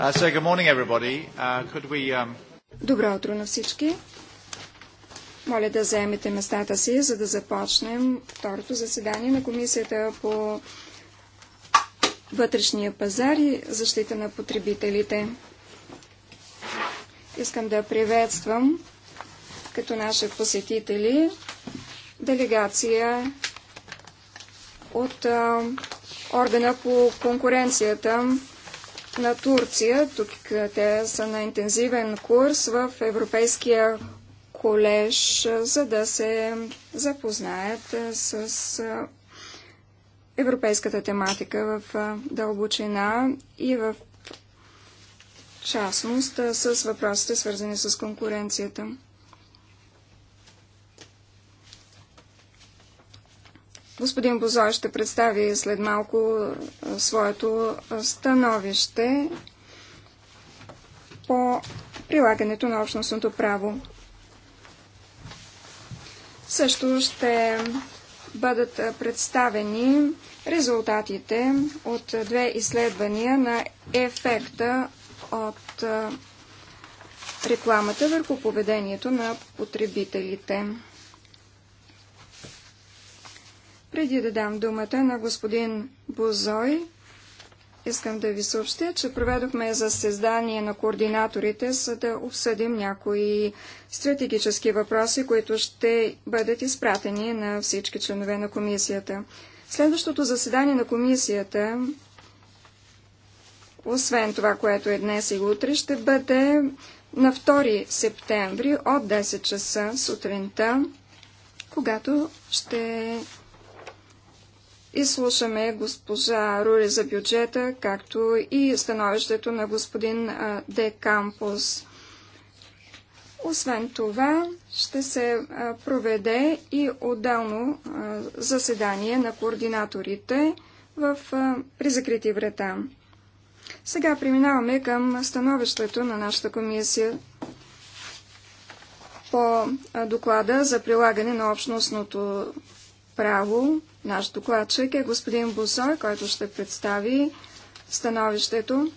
Uh, uh, um, Добро утро на всички. Моля да заемете местата си, за да започнем второто заседание на Комисията по вътрешния пазар и защита на потребителите. Искам да приветствам като наши посетители делегация от органа по конкуренцията на Турция. Тук е, те са на интензивен курс в Европейския колеж, е, за да се запознаят е, с европейската тематика в дълбочина и в частност с въпросите свързани с конкуренцията. Господин Бозой ще представи след малко своето становище по прилагането на общностното право. Също ще бъдат представени резултатите от две изследвания на ефекта от рекламата върху поведението на потребителите. Преди да дам думата на господин Бозой, искам да ви съобщя, че проведохме заседание на координаторите, за да обсъдим някои стратегически въпроси, които ще бъдат изпратени на всички членове на комисията. Следващото заседание на комисията, освен това, което е днес и утре, ще бъде на 2 септември от 10 часа сутринта, когато ще изслушаме госпожа Рури за бюджета, както и становището на господин Де Кампус. Освен това, ще се проведе и отделно заседание на координаторите в, при закрити врата. Сега преминаваме към становището на нашата комисия по доклада за прилагане на общностното право Наш докладчик е господин Бозой, който ще представи становището.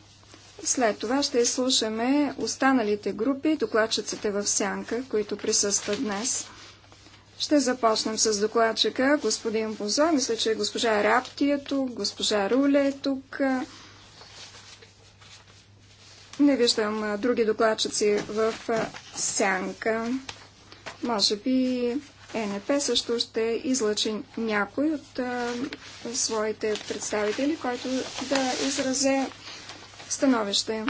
След това ще изслушаме останалите групи, докладчиците в сянка, които присъстват днес. Ще започнем с докладчика, господин Бозой. Мисля, че госпожа Рапти е тук, госпожа Руле е тук. Не виждам други докладчици в сянка. Може би ЕНП също ще излъчи някой от а, своите представители, който да изразе становище.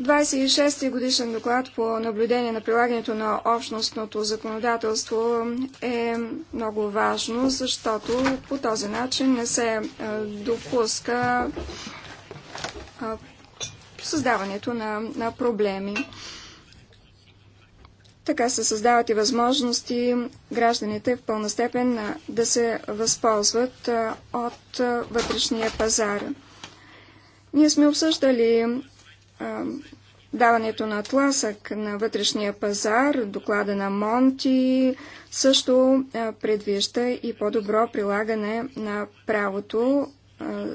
26-ти годишен доклад по наблюдение на прилагането на общностното законодателство е много важно, защото по този начин не се допуска създаването на, на проблеми. Така се създават и възможности гражданите в пълна степен да се възползват от вътрешния пазар. Ние сме обсъждали даването на тласък на вътрешния пазар, доклада на Монти също предвижда и по-добро прилагане на правото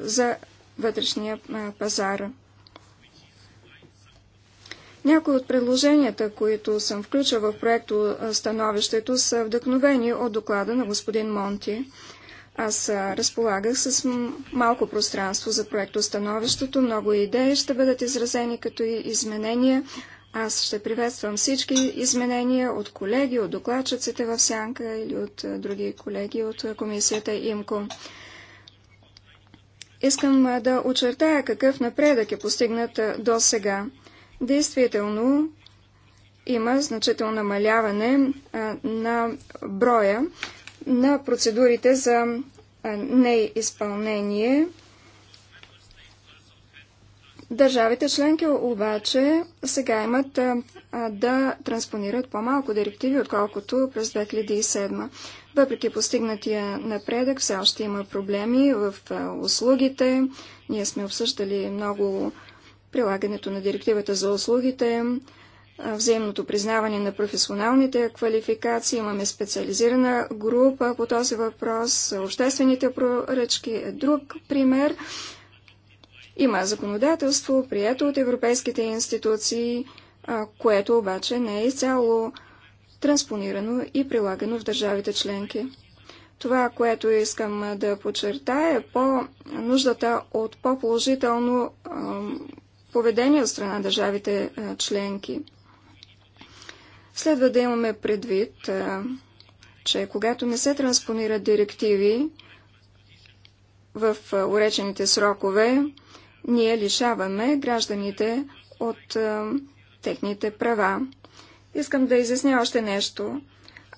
за вътрешния пазар. Някои от предложенията, които съм включил в проекто становището, са вдъхновени от доклада на господин Монти. Аз разполагах с малко пространство за проекто становището, много идеи ще бъдат изразени като и изменения. Аз ще приветствам всички изменения от колеги, от докладчиците в Сянка или от други колеги от комисията ИМКО. Искам да очертая какъв напредък е постигнат до сега действително има значително намаляване на броя на процедурите за неизпълнение. Държавите членки обаче сега имат а, да транспонират по-малко директиви, отколкото през 2007. Въпреки постигнатия напредък, все още има проблеми в а, услугите. Ние сме обсъждали много прилагането на директивата за услугите, взаимното признаване на професионалните квалификации. Имаме специализирана група по този въпрос. Обществените поръчки е друг пример. Има законодателство, прието от европейските институции, което обаче не е изцяло транспонирано и прилагано в държавите членки. Това, което искам да подчертая е по нуждата от по-положително поведение от страна на държавите е, членки. Следва да имаме предвид, е, че когато не се транспонират директиви в е, уречените срокове, ние лишаваме гражданите от техните права. Искам да изясня още нещо.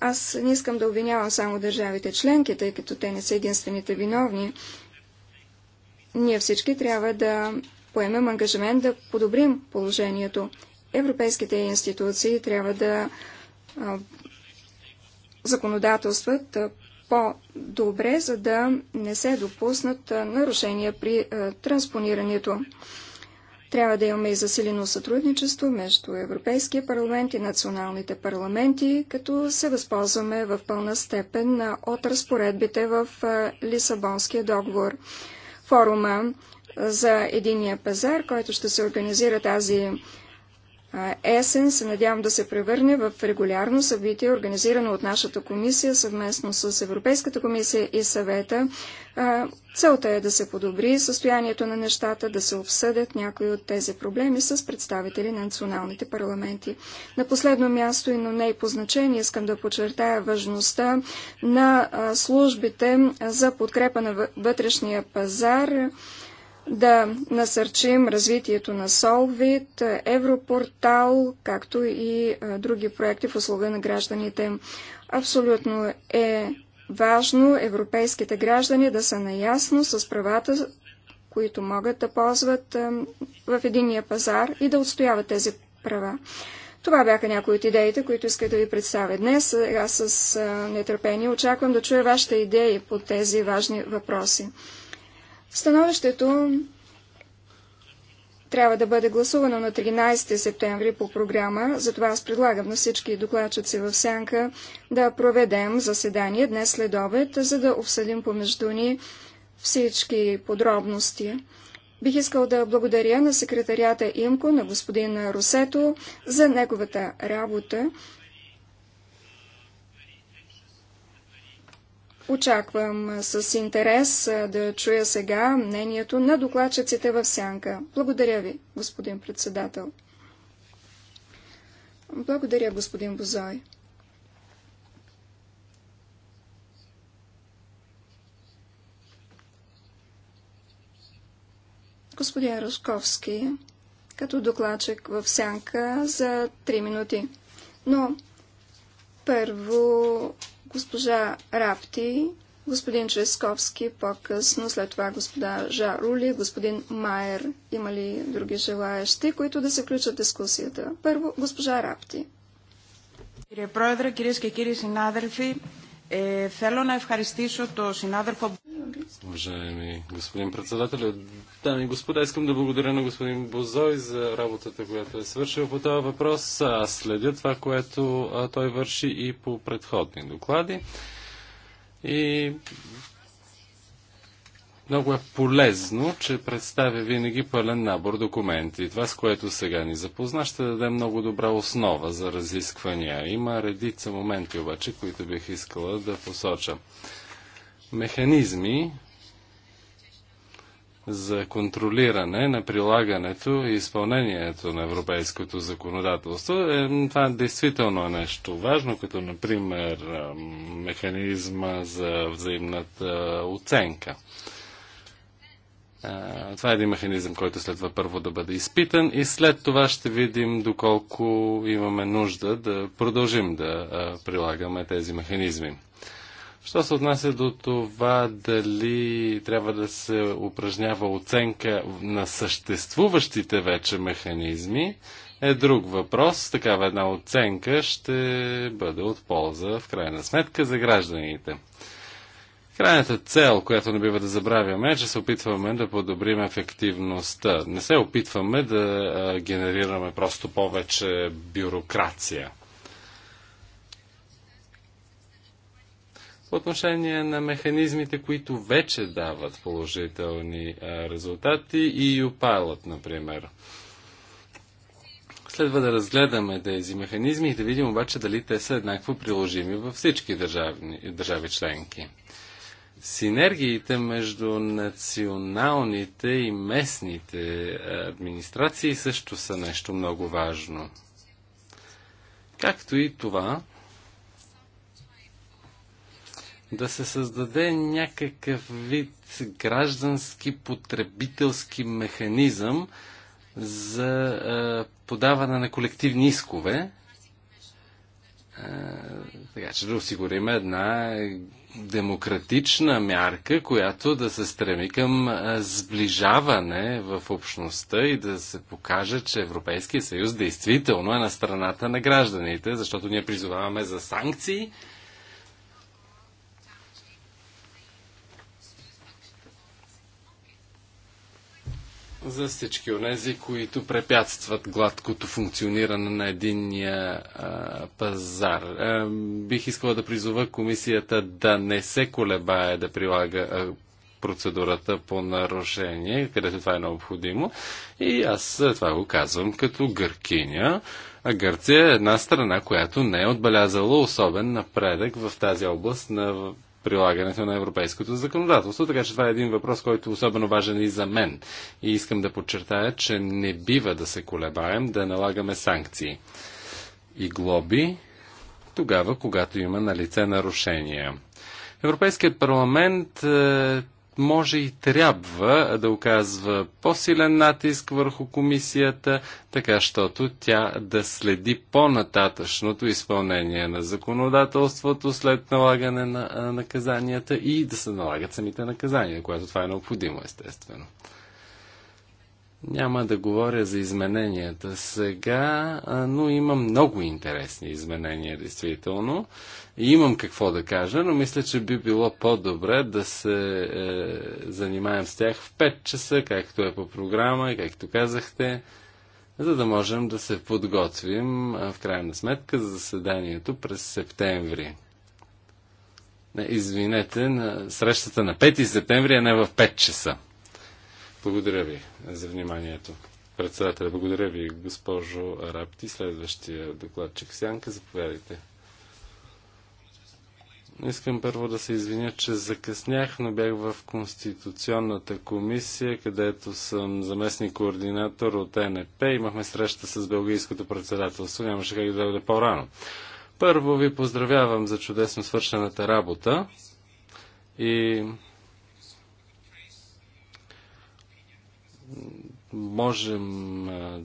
Аз не искам да обвинявам само държавите членки, тъй като те не са единствените виновни. Ние всички трябва да поемем ангажимент да подобрим положението. Европейските институции трябва да а, законодателстват по-добре, за да не се допуснат а, нарушения при а, транспонирането. Трябва да имаме и засилено сътрудничество между Европейския парламент и националните парламенти, като се възползваме в пълна степен от разпоредбите в Лисабонския договор форума за единия пазар, който ще се организира тази есен се надявам да се превърне в регулярно събитие, организирано от нашата комисия съвместно с Европейската комисия и съвета. Целта е да се подобри състоянието на нещата, да се обсъдят някои от тези проблеми с представители на националните парламенти. На последно място, но не и по значение, искам да подчертая важността на службите за подкрепа на вътрешния пазар да насърчим развитието на Солвид, Европортал, както и други проекти в услуга на гражданите. Абсолютно е важно европейските граждани да са наясно с правата, които могат да ползват в единия пазар и да отстояват тези права. Това бяха някои от идеите, които иска да ви представя днес. Аз с нетърпение очаквам да чуя вашите идеи по тези важни въпроси. Становището трябва да бъде гласувано на 13 септември по програма, затова аз предлагам на всички докладчици в Сянка да проведем заседание днес след обед, за да обсъдим помежду ни всички подробности. Бих искал да благодаря на секретарията Имко, на господин Русето, за неговата работа. Очаквам с интерес да чуя сега мнението на докладчиците в сянка. Благодаря ви, господин председател. Благодаря, господин Бозой. Господин Росковски, като докладчик в сянка за 3 минути. Но първо Госпожа Рапти, господин Ческовски, по-късно, след това господа Жарули, господин Майер. Има ли други желаящи, които да се включат в дискусията? Първо, госпожа Рапти. Κύριε Πρόεδρε, κυρίες και κύριοι συνάδελφοι, ε, θέλω να ευχαριστήσω τον συνάδελφο... Уважаеми господин председател, Дами и господа, искам да благодаря на господин Бозой за работата, която е свършил по този въпрос. Аз следя това, което а, той върши и по предходни доклади. И много е полезно, че представя винаги пълен набор документи. Това, с което сега ни запозна, ще даде много добра основа за разисквания. Има редица моменти обаче, които бих искала да посоча. Механизми, за контролиране на прилагането и изпълнението на европейското законодателство. Е, това действително е нещо важно, като например е, механизма за взаимната е, оценка. Е, това е един механизъм, който следва първо да бъде изпитан и след това ще видим доколко имаме нужда да продължим да прилагаме тези механизми. Що се отнася до това дали трябва да се упражнява оценка на съществуващите вече механизми, е друг въпрос. Такава една оценка ще бъде от полза в крайна сметка за гражданите. Крайната цел, която не бива да забравяме, е, че се опитваме да подобрим ефективността. Не се опитваме да генерираме просто повече бюрокрация. по отношение на механизмите, които вече дават положителни резултати и UPilot, например. Следва да разгледаме тези механизми и да видим обаче дали те са еднакво приложими във всички държавни, държави членки. Синергиите между националните и местните администрации също са нещо много важно. Както и това, да се създаде някакъв вид граждански потребителски механизъм за а, подаване на колективни искове, А, така че да осигурим една демократична мярка, която да се стреми към сближаване в общността и да се покаже, че Европейския съюз действително е на страната на гражданите, защото ние призоваваме за санкции – за всички онези, които препятстват гладкото функциониране на единния а, пазар. А, е, бих искала да призова комисията да не се колебае да прилага а, процедурата по нарушение, където това е необходимо. И аз е, това го казвам като гъркиня. А Гърция е една страна, която не е отбелязала особен напредък в тази област на прилагането на европейското законодателство. Така че това е един въпрос, който е особено важен и за мен. И искам да подчертая, че не бива да се колебаем да налагаме санкции и глоби тогава, когато има на лице нарушения. Европейският парламент е, може и трябва да оказва по-силен натиск върху комисията, така щото тя да следи по-нататъчното изпълнение на законодателството след налагане на наказанията и да се налагат самите наказания, което това е необходимо, естествено. Няма да говоря за измененията сега, но има много интересни изменения, действително. И имам какво да кажа, но мисля, че би било по-добре да се е, занимаем с тях в 5 часа, както е по програма, както казахте, за да можем да се подготвим в крайна сметка за заседанието през септември. Не, извинете, на срещата на 5 септември, а не в 5 часа. Благодаря ви за вниманието. Председателя, благодаря ви, госпожо Рапти. Следващия докладчик Сянка, заповядайте. Искам първо да се извиня, че закъснях, но бях в Конституционната комисия, където съм заместник координатор от НП. Имахме среща с Белгийското председателство. Нямаше как да дойде по-рано. Първо ви поздравявам за чудесно свършената работа и можем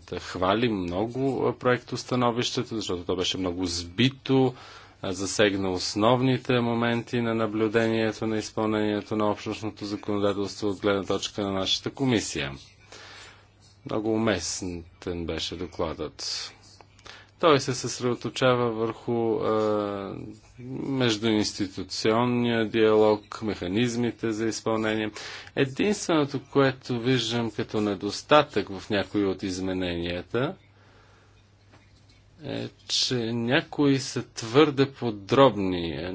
да хвалим много проекто становището, защото то беше много сбито засегна основните моменти на наблюдението на изпълнението на общностното законодателство от гледна точка на нашата комисия. Много уместен беше докладът. Той се съсредоточава върху е, междуинституционния диалог, механизмите за изпълнение. Единственото, което виждам като недостатък в някои от измененията, е, че някои са твърде подробни. Е,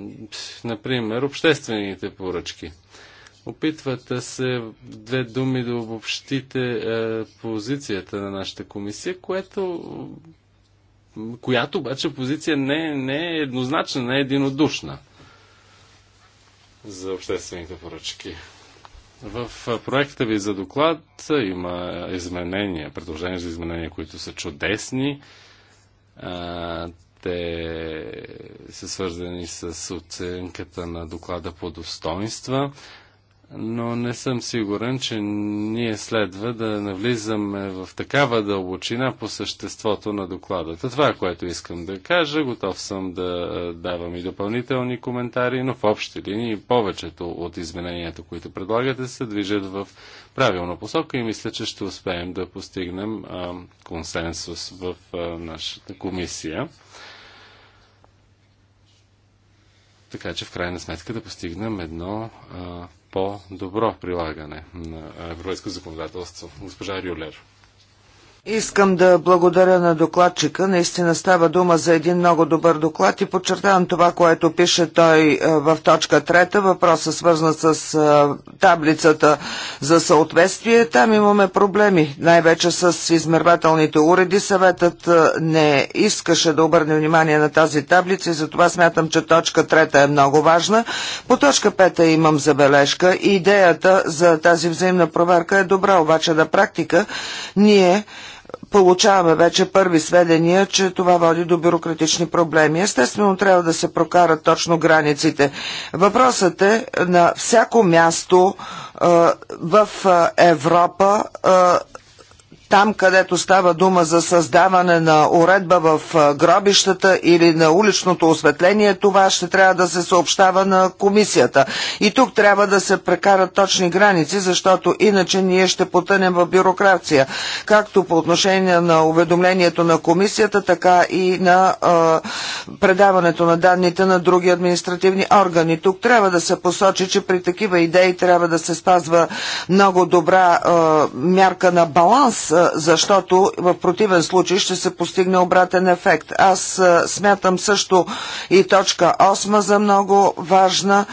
например, обществените поръчки. Опитвате се две думи да обобщите е, позицията на нашата комисия, което, която обаче позиция не, не е еднозначна, не е единодушна за обществените поръчки. В е, проекта ви за доклад има изменения, предложения за изменения, които са чудесни. Те са свързани с оценката на доклада по достоинства, но не съм сигурен, че ние следва да навлизаме в такава дълбочина по съществото на докладата. Това е което искам да кажа. Готов съм да давам и допълнителни коментари, но в общи линии повечето от измененията, които предлагате, се движат в правилна посока и мисля, че ще успеем да постигнем а, консенсус в а, нашата комисия. Така че в крайна сметка да постигнем едно а, по-добро прилагане на европейско законодателство. Госпожа Рюлер. Искам да благодаря на докладчика. Наистина става дума за един много добър доклад и подчертавам това, което пише той е, в точка трета. Въпросът свързан с е, таблицата за съответствие. Там имаме проблеми, най-вече с измервателните уреди. Съветът е, не искаше да обърне внимание на тази таблица и затова смятам, че точка трета е много важна. По точка пета имам забележка. Идеята за тази взаимна проверка е добра, обаче на практика ние получаваме вече първи сведения, че това води до бюрократични проблеми. Естествено, трябва да се прокарат точно границите. Въпросът е на всяко място в Европа там, където става дума за създаване на уредба в гробищата или на уличното осветление, това ще трябва да се съобщава на комисията. И тук трябва да се прекарат точни граници, защото иначе ние ще потънем в бюрокрация, както по отношение на уведомлението на комисията, така и на е, предаването на данните на други административни органи. Тук трябва да се посочи, че при такива идеи трябва да се спазва много добра е, мярка на баланс защото в противен случай ще се постигне обратен ефект. Аз смятам също и точка 8 за много важна.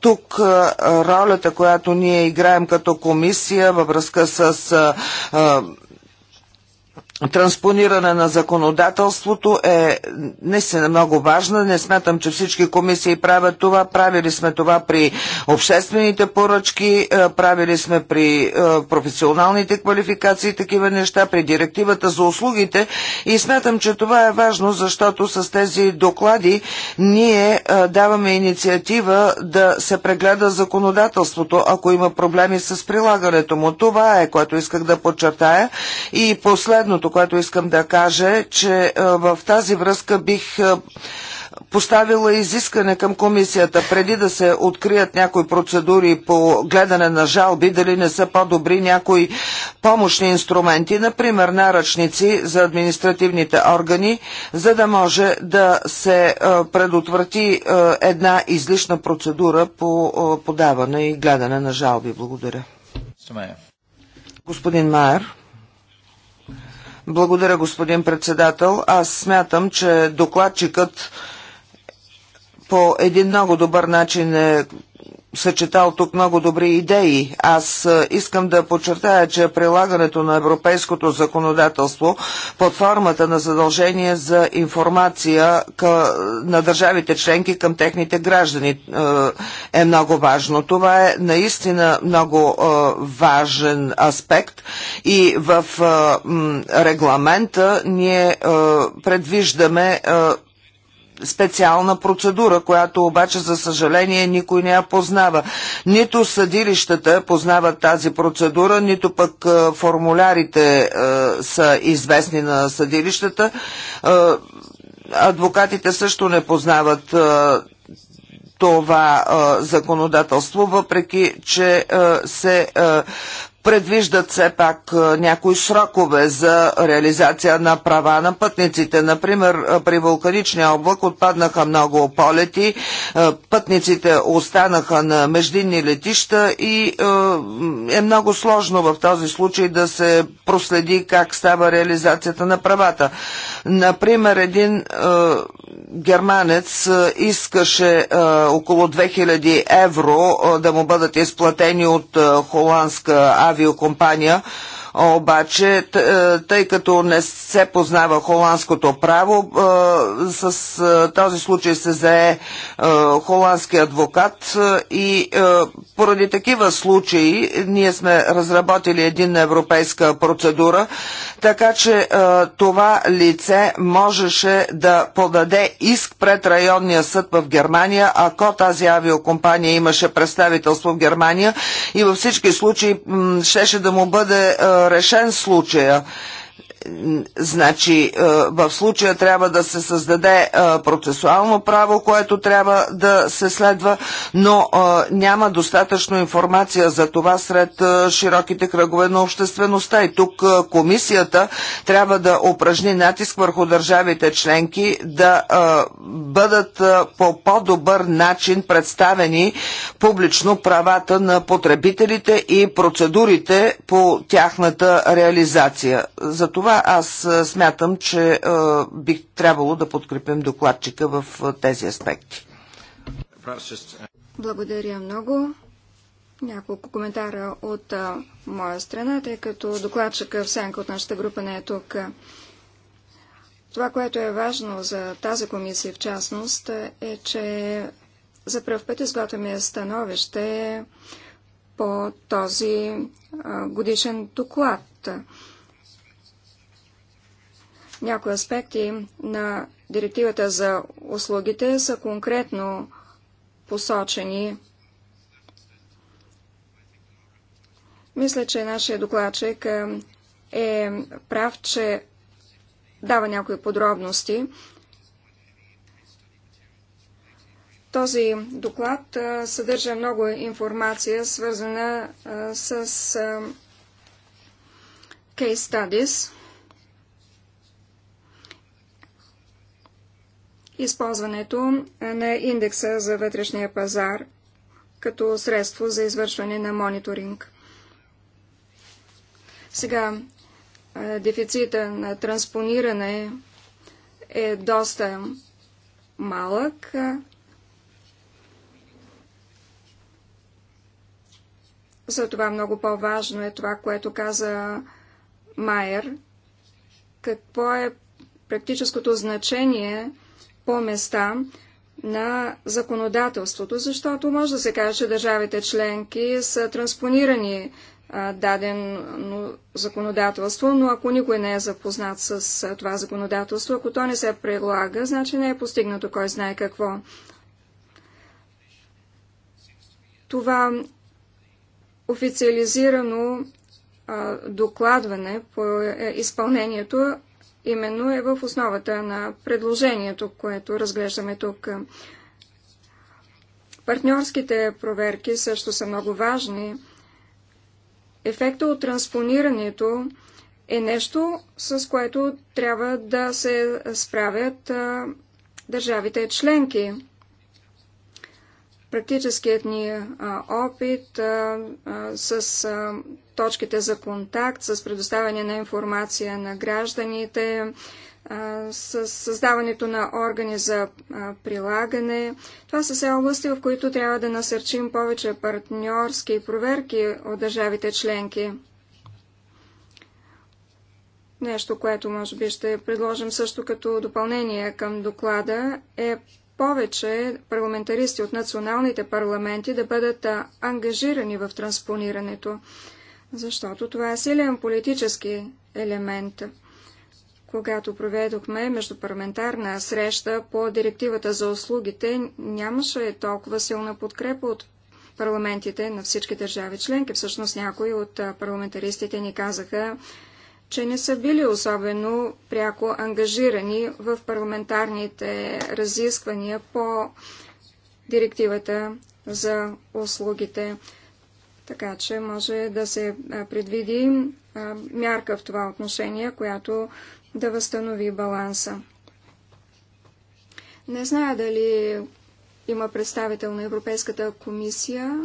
Тук ролята, която ние играем като комисия във връзка с транспониране на законодателството е наистина много важна. Не смятам, че всички комисии правят това. Правили сме това при обществените поръчки, е, правили сме при е, професионалните квалификации такива неща, при директивата за услугите и смятам, че това е важно, защото с тези доклади ние е, даваме инициатива да се прегледа законодателството, ако има проблеми с прилагането му. Това е, което исках да подчертая. И последното, което искам да кажа е, че в тази връзка бих е, поставила изискане към комисията преди да се открият някои процедури по гледане на жалби, дали не са по-добри някои помощни инструменти, например наръчници за административните органи, за да може да се е, предотврати е, една излишна процедура по подаване и гледане на жалби. Благодаря. Господин Майер. Благодаря, господин председател. Аз смятам, че докладчикът по един много добър начин е съчетал тук много добри идеи. Аз е, искам да подчертая, че прилагането на европейското законодателство под формата на задължение за информация на държавите членки към техните граждани е, е много важно. Това е наистина много е, важен аспект и в регламента ние предвиждаме специална процедура, която обаче за съжаление никой не я познава. Нито съдилищата познават тази процедура, нито пък е, формулярите е, са известни на съдилищата. Е, адвокатите също не познават това законодателство, въпреки че се предвиждат все пак някои срокове за реализация на права на пътниците. Например, при вулканичния облак отпаднаха много полети, пътниците останаха на междинни летища и е много сложно в този случай да се проследи как става реализацията на правата. Например, един е, германец е, искаше е, около 2000 евро е, да му бъдат изплатени от е, холандска авиокомпания, обаче, е, тъй като не се познава холандското право, е, с е, този случай се зае холандски адвокат и поради такива случаи ние сме разработили един европейска процедура, така че това лице можеше да подаде иск пред районния съд в Германия, ако тази авиокомпания имаше представителство в Германия и във всички случаи щеше да му бъде решен случая. Значи, е, в случая трябва да се създаде е, процесуално право, което трябва да се следва, но е, няма достатъчно информация за това сред широките кръгове на обществеността. И тук комисията трябва да упражни натиск върху държавите членки да бъдат по по-добър начин представени публично правата на потребителите и процедурите по тяхната реализация. За това затова аз смятам, че бих трябвало да подкрепим докладчика в тези аспекти. Благодаря много. Няколко коментара от а, моя страна, тъй като докладчика в сянка от нашата група не е тук. Това, което е важно за тази комисия в частност, е, че за първ път изготвяме становище по този а, годишен доклад. Някои аспекти на директивата за услугите са конкретно посочени. Мисля, че нашия докладчик е, е прав, че дава някои подробности. Този доклад е, съдържа много информация, свързана е, с case studies. използването е, на индекса за вътрешния пазар като средство за извършване на мониторинг. Сега, е, дефицита на транспониране е доста малък. Затова много по-важно е това, което каза Майер. Какво е практическото значение по места на законодателството, защото може да се каже, че държавите членки са транспонирани дадено законодателство, но ако никой не е запознат с това законодателство, ако то не се прилага, значи не е постигнато кой знае какво. Това официализирано докладване по е, изпълнението именно е в основата на предложението, което разглеждаме тук. Партньорските проверки също са много важни. Ефекта от транспонирането е нещо, с което трябва да се справят държавите членки. Практическият ни опит с точките за контакт, с предоставяне на информация на гражданите, с създаването на органи за прилагане. Това са все области, в които трябва да насърчим повече партньорски проверки от държавите членки. Нещо, което може би ще предложим също като допълнение към доклада е повече парламентаристи от националните парламенти да бъдат ангажирани в транспонирането, защото това е силен политически елемент. Когато проведохме междупарламентарна среща по директивата за услугите, нямаше толкова силна подкрепа от парламентите на всички държави членки. Всъщност някои от парламентаристите ни казаха, че не са били особено пряко ангажирани в парламентарните разисквания по директивата за услугите. Така че може да се предвиди мярка в това отношение, която да възстанови баланса. Не зная дали има представител на Европейската комисия.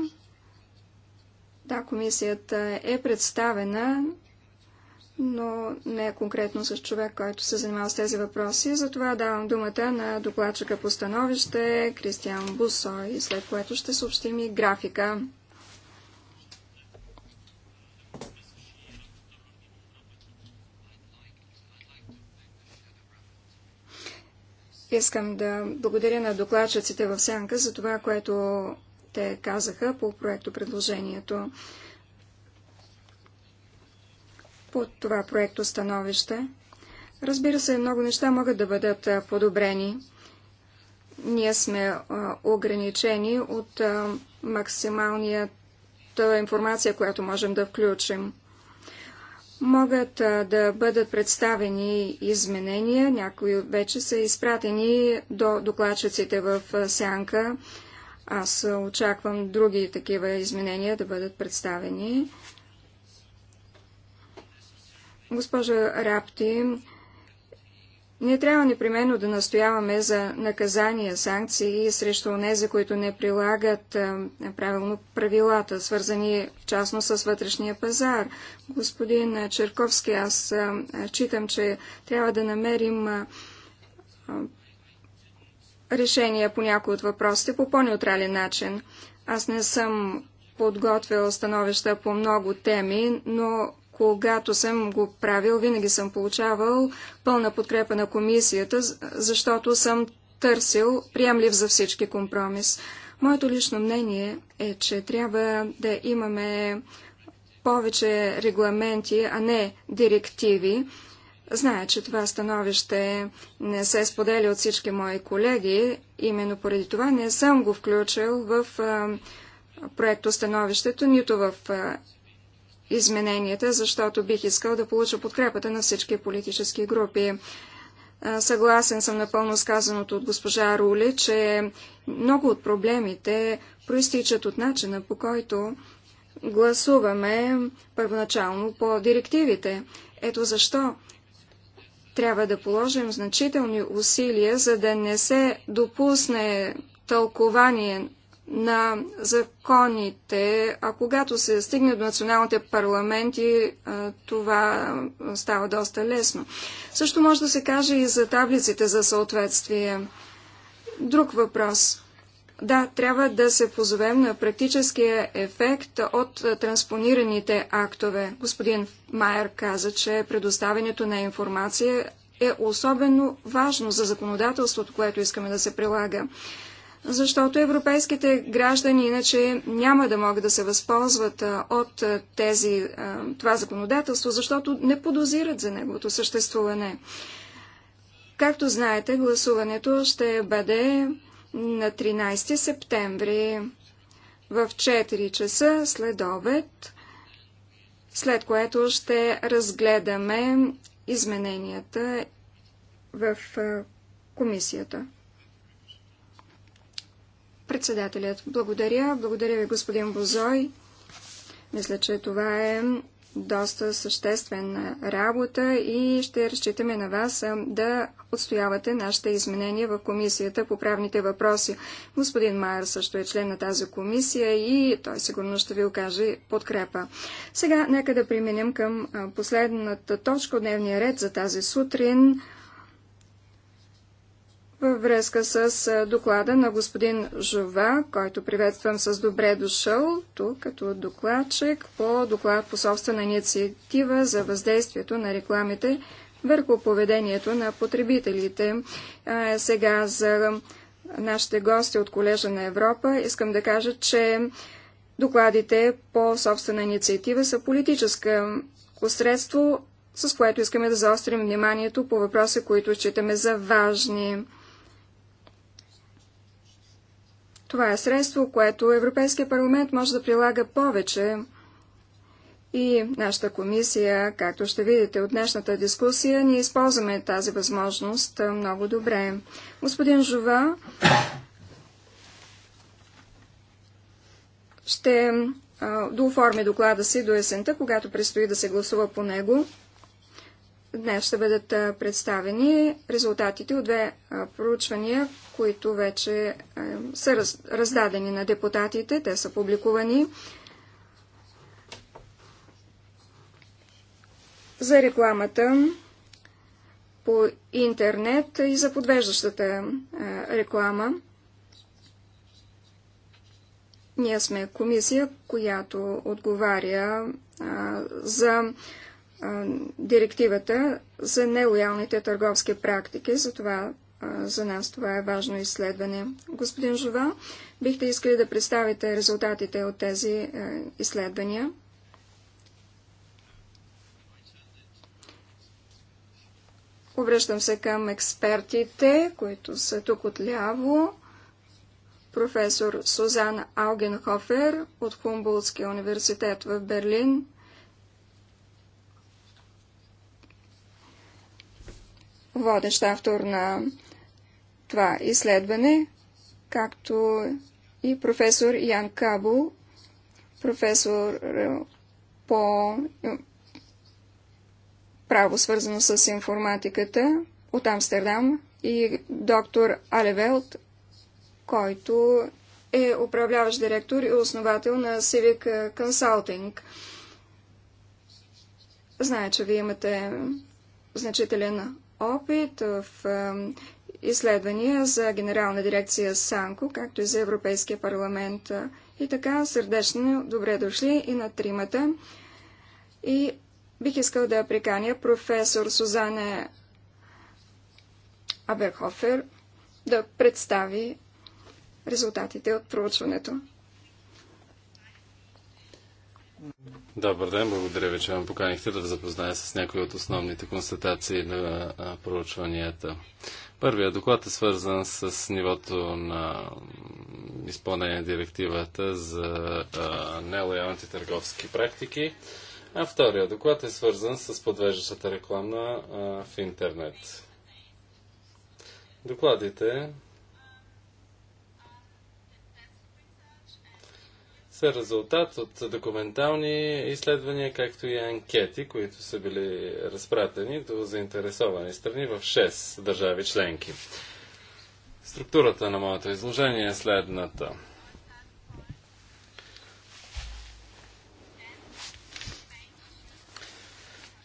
Да, комисията е представена, но не е конкретно с човек, който се занимава с тези въпроси. Затова давам думата на докладчика по становище Кристиан Бусой, след което ще съобщим и графика. Искам да благодаря на докладчиците в Сянка за това, което те казаха по проекто предложението по това проекто становище. Разбира се, много неща могат да бъдат подобрени. Ние сме ограничени от максималния информация, която можем да включим. Могат да бъдат представени изменения, някои вече са изпратени до докладчиците в сянка. Аз очаквам други такива изменения да бъдат представени. Госпожа Рапти, не трябва непременно да настояваме за наказания, санкции срещу онези, които не прилагат правилно правилата, свързани в частно с вътрешния пазар. Господин Черковски, аз читам, че трябва да намерим решения по някои от въпросите по по-неутрален начин. Аз не съм подготвил становища по много теми, но когато съм го правил, винаги съм получавал пълна подкрепа на комисията, защото съм търсил приемлив за всички компромис. Моето лично мнение е, че трябва да имаме повече регламенти, а не директиви. Зная, че това становище не се споделя от всички мои колеги, именно поради това не съм го включил в проекто становището, нито в измененията, защото бих искал да получа подкрепата на всички политически групи. Съгласен съм напълно сказаното от госпожа Рули, че много от проблемите проистичат от начина по който гласуваме първоначално по директивите. Ето защо трябва да положим значителни усилия, за да не се допусне тълкование на законите, а когато се стигне до националните парламенти, това става доста лесно. Също може да се каже и за таблиците за съответствие. Друг въпрос. Да, трябва да се позовем на практическия ефект от транспонираните актове. Господин Майер каза, че предоставянето на информация е особено важно за законодателството, което искаме да се прилага защото европейските граждани иначе няма да могат да се възползват от тези, това законодателство, защото не подозират за неговото съществуване. Както знаете, гласуването ще бъде на 13 септември в 4 часа след обед, след което ще разгледаме измененията в комисията. Председателят, благодаря. Благодаря ви, господин Бозой. Мисля, че това е доста съществена работа и ще разчитаме на вас да отстоявате нашите изменения в комисията по правните въпроси. Господин Майер също е член на тази комисия и той сигурно ще ви окаже подкрепа. Сега нека да преминем към последната точка от дневния ред за тази сутрин – във връзка с доклада на господин Жова, който приветствам с добре дошъл тук като докладчик по доклад по собствена инициатива за въздействието на рекламите върху поведението на потребителите. А, сега за нашите гости от Колежа на Европа искам да кажа, че докладите по собствена инициатива са политическа посредство, с което искаме да заострим вниманието по въпроси, които считаме за важни. Това е средство, което Европейския парламент може да прилага повече. И нашата комисия, както ще видите от днешната дискусия, ние използваме тази възможност много добре. Господин Жова ще дооформи доклада си до есента, когато предстои да се гласува по него. Днес ще бъдат представени резултатите от две проучвания, които вече са раздадени на депутатите. Те са публикувани. за рекламата по интернет и за подвеждащата реклама. Ние сме комисия, която отговаря за директивата за нелоялните търговски практики. Затова за нас това е важно изследване. Господин Жова, бихте искали да представите резултатите от тези изследвания? Обръщам се към експертите, които са тук отляво. Професор Сузан Аугенхофер от Хумбулския университет в Берлин – водещ автор на това изследване, както и професор Ян Кабо, професор е, по е, право свързано с информатиката от Амстердам и доктор Алевелт, който е управляващ директор и основател на Civic Consulting. Знае, че вие имате значителен опит в изследвания за Генерална дирекция Санко, както и за Европейския парламент. И така сърдечно добре дошли и на тримата. И бих искал да приканя професор Сузане Абехофер да представи резултатите от проучването. Добър ден, благодаря ви, че ме поканихте да запозная с някои от основните констатации на проучванията. Първият доклад е свързан с нивото на изпълнение на директивата за нелоялните търговски практики, а вторият доклад е свързан с подвеждащата реклама в интернет. Докладите са резултат от документални изследвания, както и анкети, които са били разпратени до заинтересовани страни в 6 държави членки. Структурата на моето изложение е следната.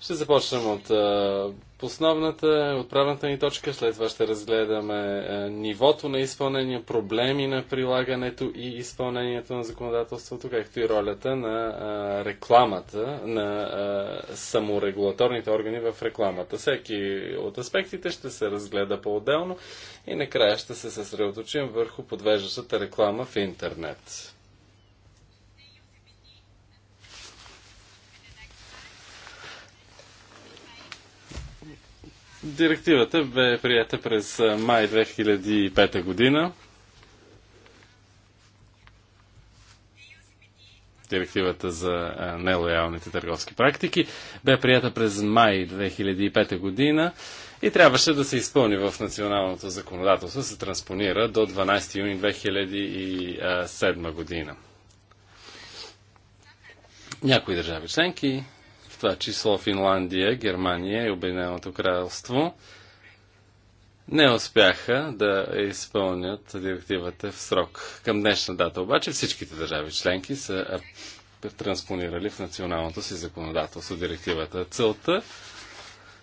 Ще започнем от основната, отправната ни точка, след това ще разгледаме нивото на изпълнение, проблеми на прилагането и изпълнението на законодателството, както и ролята на рекламата, на саморегулаторните органи в рекламата. Всеки от аспектите ще се разгледа по-отделно и накрая ще се съсредоточим върху подвеждащата реклама в интернет. Директивата бе прията през май 2005 година. директивата за нелоялните търговски практики, бе прията през май 2005 година и трябваше да се изпълни в националното законодателство, се транспонира до 12 юни 2007 година. Някои държави членки това число Финландия, Германия и Обединеното кралство, не успяха да изпълнят директивата в срок. Към днешна дата обаче всичките държави членки са транспонирали в националното си законодателство директивата. Целта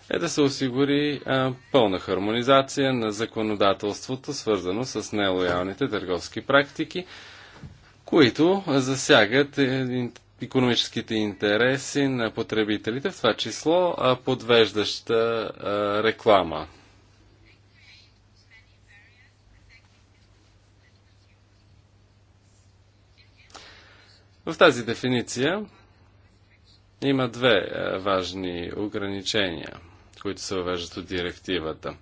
е да се осигури а, пълна хармонизация на законодателството, свързано с нелоялните търговски практики, които засягат економическите интереси на потребителите, в това число подвеждаща реклама. В тази дефиниция има две важни ограничения, които се въвеждат от директивата.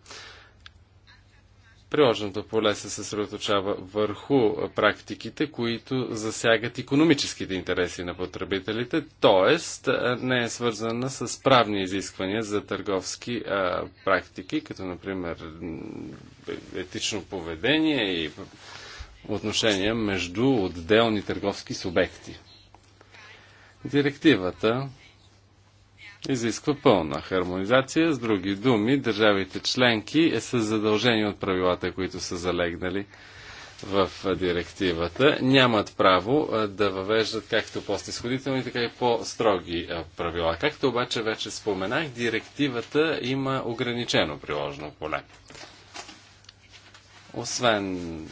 Приложното поле се съсредоточава върху практиките, които засягат економическите интереси на потребителите, т.е. не е свързана с правни изисквания за търговски а, практики, като например етично поведение и отношения между отделни търговски субекти. Директивата изисква пълна хармонизация. С други думи, държавите членки е са задължени от правилата, които са залегнали в директивата, нямат право да въвеждат както по-снисходителни, така и по-строги правила. Както обаче вече споменах, директивата има ограничено приложено поле. Освен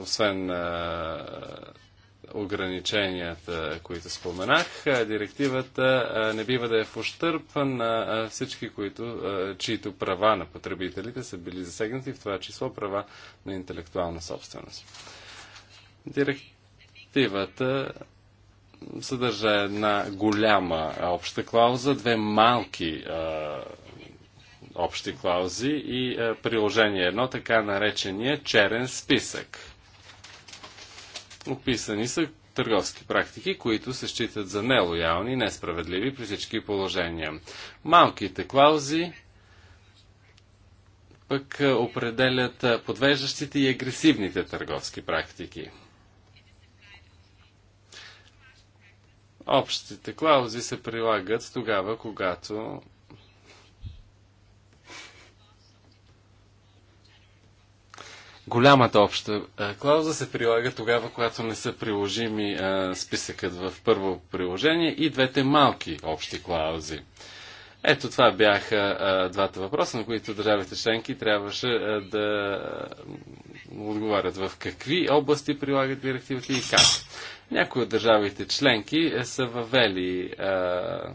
освен ограниченията, които споменах, директивата не бива да е в ощърп на всички, които, чието права на потребителите са били засегнати, в това число права на интелектуална собственост. Директивата съдържа една голяма обща клауза, две малки общи клаузи и приложение едно, така наречения черен списък – Описани са търговски практики, които се считат за нелоялни и несправедливи при всички положения. Малките клаузи пък е, определят е, подвеждащите и агресивните търговски практики. Общите клаузи се прилагат тогава, когато Голямата обща клауза се прилага тогава, когато не са приложими списъкът в първо приложение и двете малки общи клаузи. Ето това бяха двата въпроса, на които държавите членки трябваше да отговарят в какви области прилагат директивите и как. Някои от държавите членки е, са въвели а,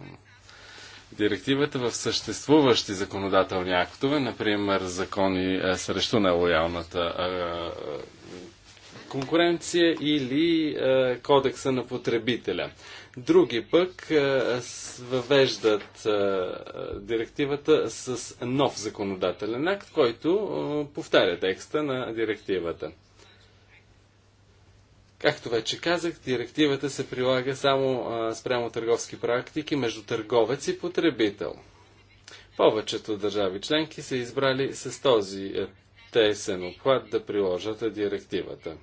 директивата в съществуващи законодателни актове, например закони е, срещу нелоялната е, е, конкуренция или кодекса на потребителя. Други пък въвеждат директивата с нов законодателен акт, който повтаря текста на директивата. Както вече казах, директивата се прилага само а, спрямо търговски практики между търговец и потребител. Повечето държави членки са избрали с този е, тесен обхват да приложат директивата.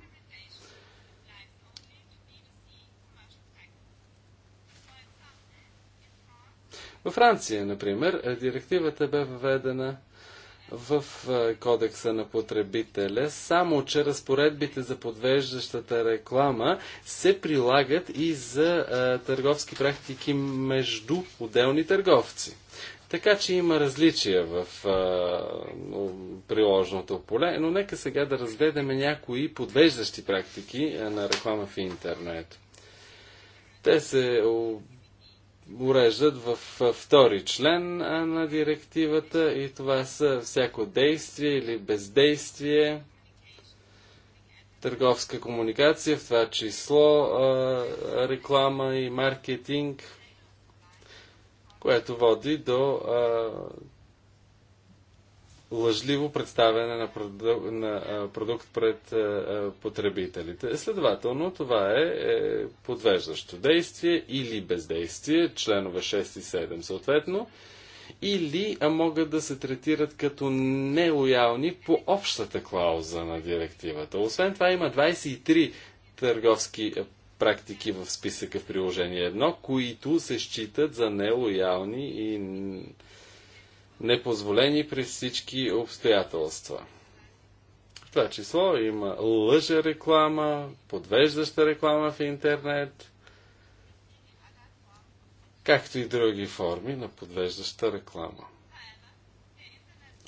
Във Франция, например, е, директивата бе въведена в е, кодекса на потребителя, само че разпоредбите за подвеждащата реклама се прилагат и за е, търговски практики между отделни търговци. Така че има различия в а, е, приложното поле, но нека сега да разгледаме някои подвеждащи практики на реклама в интернет. Те се уреждат в втори член на директивата и това са всяко действие или бездействие, търговска комуникация, в това число реклама и маркетинг, което води до лъжливо представяне на, проду... на продукт пред потребителите. Следователно, това е, е подвеждащо действие или бездействие, членове 6 и 7 съответно, или могат да се третират като нелоялни по общата клауза на директивата. Освен това има 23 търговски практики в списъка в приложение 1, които се считат за нелоялни и непозволени при всички обстоятелства. В това число има лъжа реклама, подвеждаща реклама в интернет, както и други форми на подвеждаща реклама.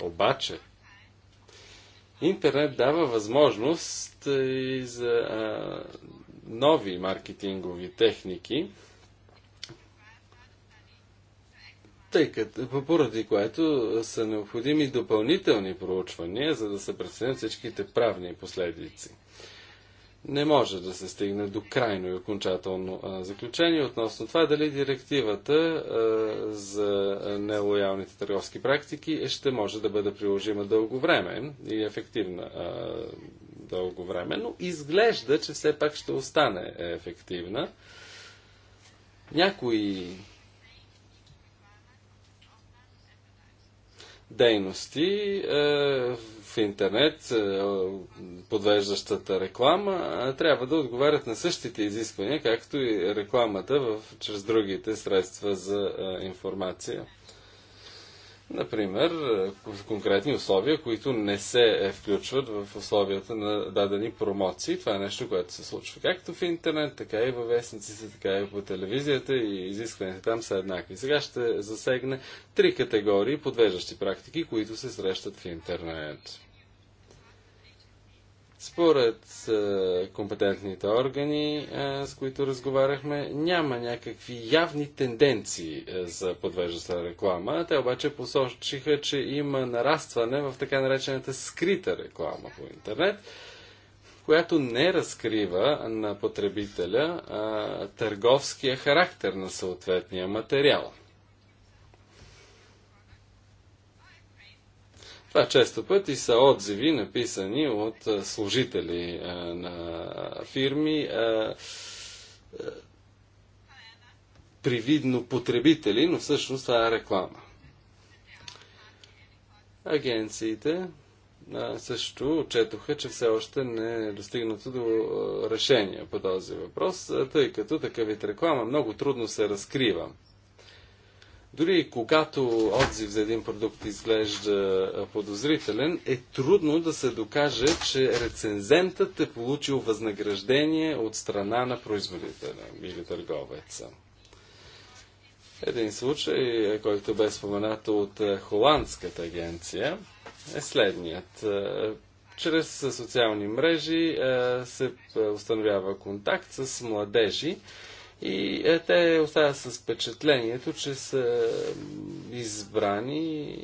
Обаче, интернет дава възможност и за а, нови маркетингови техники – тъй като, поради което са необходими допълнителни проучвания, за да се преценят всичките правни последици. Не може да се стигне до крайно и окончателно а, заключение относно това дали директивата а, за нелоялните търговски практики е, ще може да бъде приложима дълго време и ефективна а, дълго време, но изглежда, че все пак ще остане ефективна. Някои дейности е, в интернет, е, подвеждащата реклама, е, трябва да отговарят на същите изисквания, както и рекламата в, чрез другите средства за информация. Например, е, конкретни условия, които не се е, включват в условията на дадени промоции. Това е нещо, което се случва както в интернет, така и във вестниците, така и по телевизията и изискванията там са еднакви. Сега ще засегне три категории подвеждащи практики, които се срещат в интернет. Според е, компетентните органи, е, с които разговаряхме, няма някакви явни тенденции е, за подвеждаща реклама. Те обаче посочиха, че има нарастване в така наречената скрита реклама по интернет, която не разкрива на потребителя търговския характер на съответния материал. Това често пъти са отзиви, написани от служители на фирми, привидно потребители, но всъщност това е реклама. Агенциите също отчетоха, че все още не е достигнато до решение по този въпрос, тъй като такъв вид реклама много трудно се разкрива. Дори и когато отзив за един продукт изглежда подозрителен, е трудно да се докаже, че рецензентът е получил възнаграждение от страна на производителя или търговеца. Един случай, който бе споменат от холандската агенция, е следният. Чрез социални мрежи се установява контакт с младежи, и е, те оставят с впечатлението, че са избрани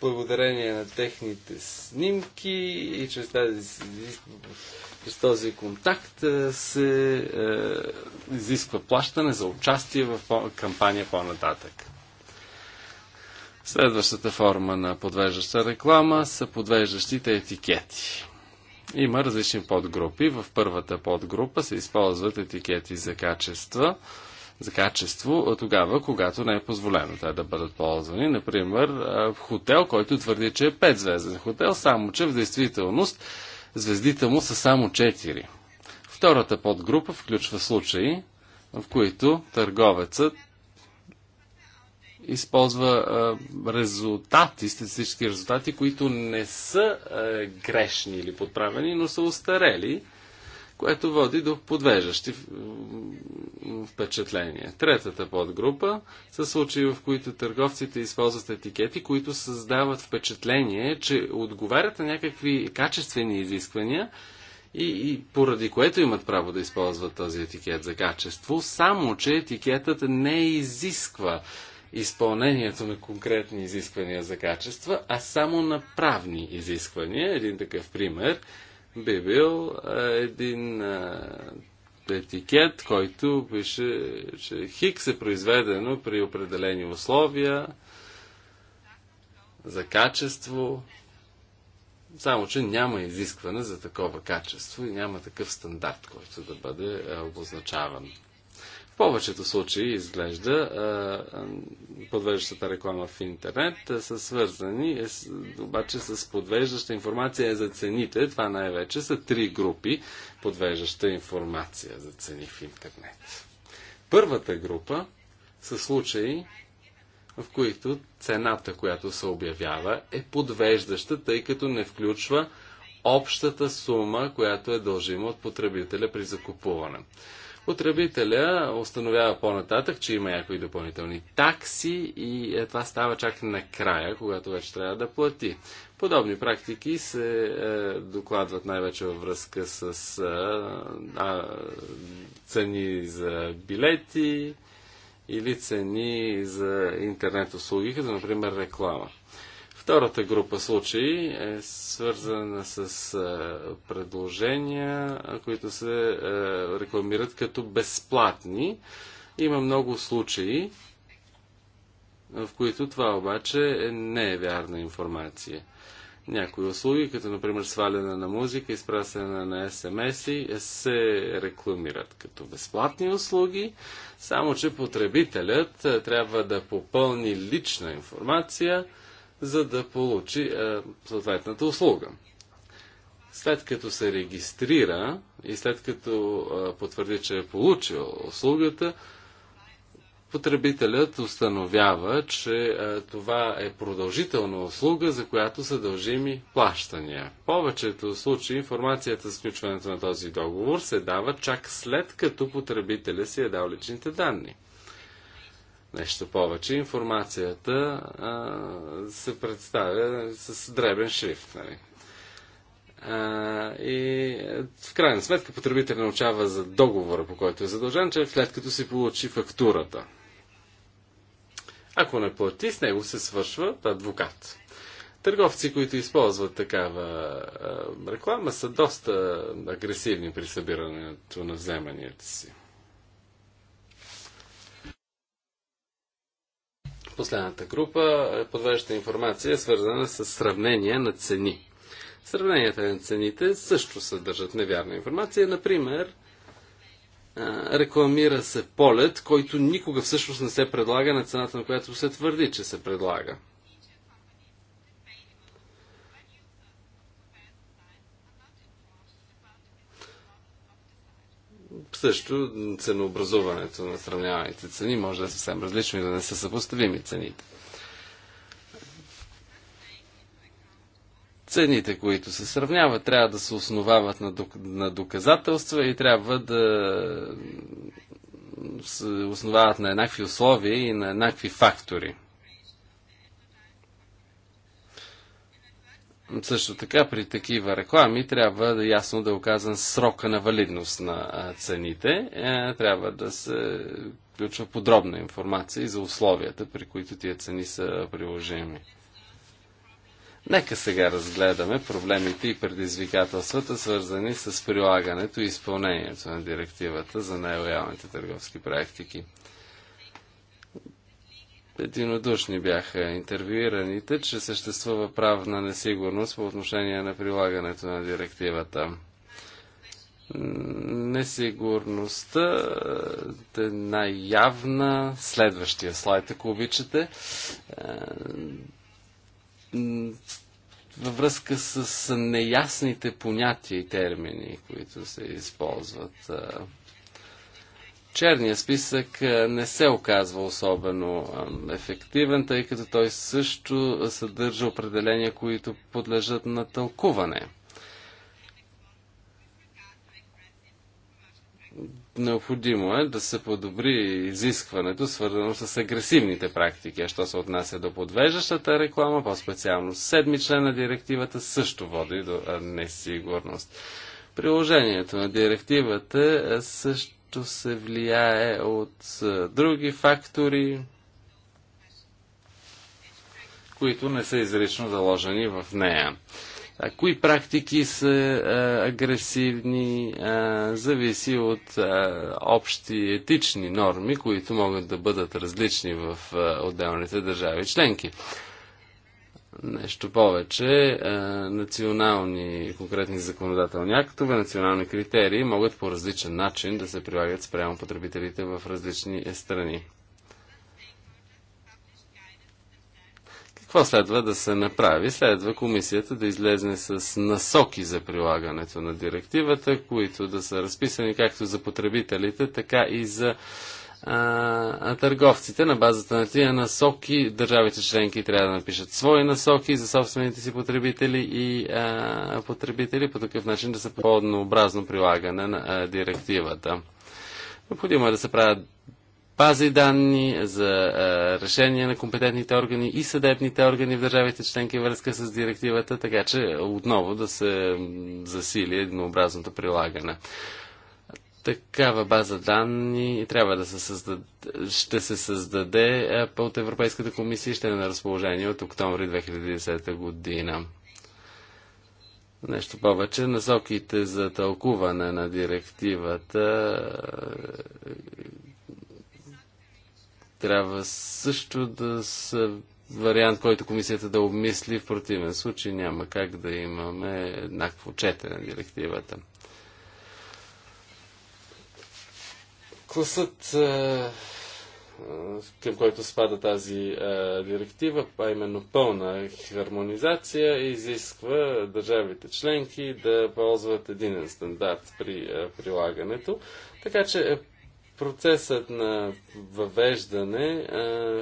благодарение на техните снимки и чрез, тази, чрез този контакт е, се е, изисква плащане за участие в по кампания по-нататък. Следващата форма на подвеждаща реклама са подвеждащите етикети. Има различни подгрупи. В първата подгрупа се използват етикети за качество за качество тогава, когато не е позволено те да бъдат ползвани. Например, хотел, който твърди, че е 5-звезден хотел, само че в действителност звездите му са само 4. Втората подгрупа включва случаи, в които търговецът използва резултати, статистически резултати, които не са грешни или подправени, но са устарели, което води до подвеждащи впечатления. Третата подгрупа са случаи, в които търговците използват етикети, които създават впечатление, че отговарят на някакви качествени изисквания, и, и поради което имат право да използват този етикет за качество, само че етикетът не изисква изпълнението на конкретни изисквания за качества, а само на правни изисквания. Един такъв пример би бил един етикет, който пише, че Хикс е произведено при определени условия за качество, само че няма изискване за такова качество и няма такъв стандарт, който да бъде обозначаван повечето случаи изглежда подвеждащата реклама в интернет са свързани е обаче с подвеждаща информация за цените. Това най-вече са три групи подвеждаща информация за цени в интернет. Първата група са случаи, в които цената, която се обявява, е подвеждаща, тъй като не включва общата сума, която е дължима от потребителя при закупуване. Потребителя установява по-нататък, че има някои допълнителни такси и е, това става чак накрая, когато вече трябва да плати. Подобни практики се е, докладват най-вече във връзка с е, а, цени за билети или цени за интернет услуги, като например реклама. Втората група случаи е свързана с е, предложения, които се е, рекламират като безплатни. Има много случаи, в които това обаче е, не е вярна информация. Някои услуги, като например сваляне на музика, изпрасяне на СМС-и, се рекламират като безплатни услуги, само че потребителят трябва да попълни лична информация – за да получи е, съответната услуга. След като се регистрира и след като е, потвърди, че е получил услугата, потребителят установява, че е, това е продължителна услуга, за която са дължими плащания. В повечето случаи информацията за включването на този договор се дава чак след като потребителя си е дал личните данни. Нещо повече, информацията а, се представя с дребен шрифт. Нали? А, и в крайна сметка потребител научава за договора, по който е задължен, че след като си получи фактурата. Ако не плати, с него се свършва адвокат. Търговци, които използват такава реклама, са доста агресивни при събирането на вземанията си. Последната група е, подвеждаща информация е свързана с сравнение на цени. Сравненията на цените също съдържат невярна информация. Например, е, рекламира се полет, който никога всъщност не се предлага на цената, на която се твърди, че се предлага. също ценообразуването на сравняваните цени може да е съвсем различно и да не са съпоставими цените. Цените, които се сравняват, трябва да се основават на, на доказателства и трябва да се основават на еднакви условия и на еднакви фактори. Също така при такива реклами трябва да ясно да е оказан срока на валидност на цените. Е, трябва да се включва подробна информация и за условията, при които тия цени са приложими. Нека сега разгледаме проблемите и предизвикателствата, свързани с прилагането и изпълнението на директивата за нелоялните търговски практики единодушни бяха интервюираните, че съществува правна несигурност по отношение на прилагането на директивата. Несигурността е, е най-явна. Следващия слайд, ако обичате. Е, във връзка с неясните понятия и термини, които се използват е, черния списък не се оказва особено ефективен, тъй като той също съдържа определения, които подлежат на тълкуване. Необходимо е да се подобри изискването, свързано с агресивните практики. А що се отнася до подвеждащата реклама, по-специално седми член на директивата също води до несигурност. Приложението на директивата също който се влияе от други фактори, които не са изрично заложени в нея. А, кои практики са а, агресивни, а, зависи от а, общи етични норми, които могат да бъдат различни в а, отделните държави членки. Нещо повече, е, национални конкретни законодателни актове, национални критерии могат по различен начин да се прилагат спрямо потребителите в различни страни. Какво следва да се направи? Следва комисията да излезне с насоки за прилагането на директивата, които да са разписани както за потребителите, така и за търговците на базата на тия насоки, държавите членки трябва да напишат свои насоки за собствените си потребители и а, потребители по такъв начин да са по-однообразно прилагане на а, директивата. Необходимо е да се правят бази данни за а, решение на компетентните органи и съдебните органи в държавите членки връзка с директивата, така че отново да се засили еднообразното прилагане. Такава база данни трябва да се създаде, ще се създаде е, от Европейската комисия и ще е на разположение от октомври 2010 година. Нещо повече, насоките за тълкуване на директивата е, трябва също да са вариант, който комисията да обмисли. В противен случай няма как да имаме еднакво четене на директивата. Класът, е, към който спада тази е, директива, а именно пълна хармонизация, изисква държавите членки да ползват единен стандарт при е, прилагането. Така че процесът на въвеждане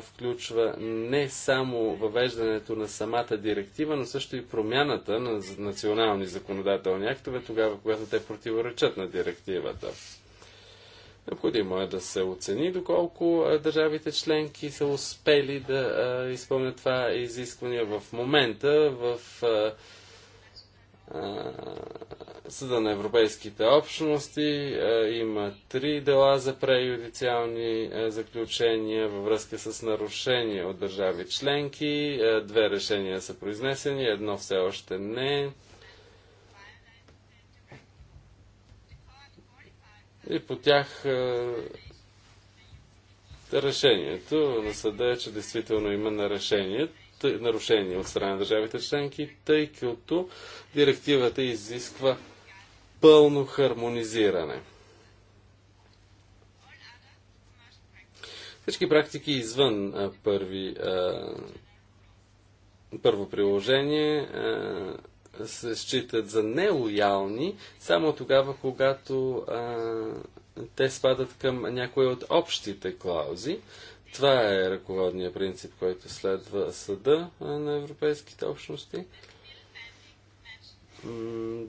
включва не само въвеждането на самата директива, но също и промяната на национални законодателни актове, тогава, когато те противоречат на директивата. Необходимо е да се оцени доколко държавите членки са успели да изпълнят това изискване в момента в Съда на Европейските общности има три дела за преюдициални заключения във връзка с нарушения от държави членки. Две решения са произнесени, едно все още не. и по тях е, решението на съда е, че действително има нарушение, нарушение от страна на държавите членки, тъй като директивата изисква пълно хармонизиране. Всички практики извън първи, първо приложение се считат за нелоялни, само тогава, когато а, те спадат към някои от общите клаузи. Това е ръководният принцип, който следва съда на европейските общности.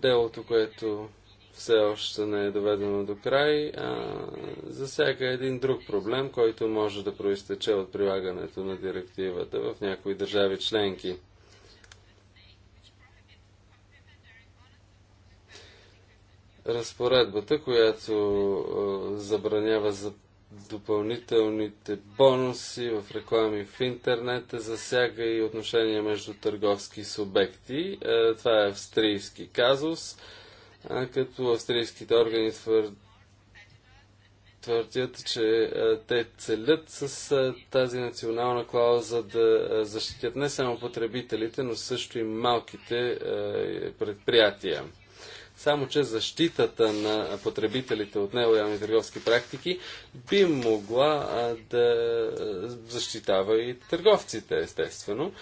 Делото, което все още не е доведено до край, а, засяга един друг проблем, който може да проистече от прилагането на директивата в някои държави членки – разпоредбата, която забранява за допълнителните бонуси в реклами в интернет засяга и отношения между търговски субекти. Това е австрийски казус, като австрийските органи твърдят, че те целят с тази национална клауза да защитят не само потребителите, но също и малките предприятия. Само, че защитата на потребителите от нелоялни търговски практики би могла да защитава и търговците, естествено.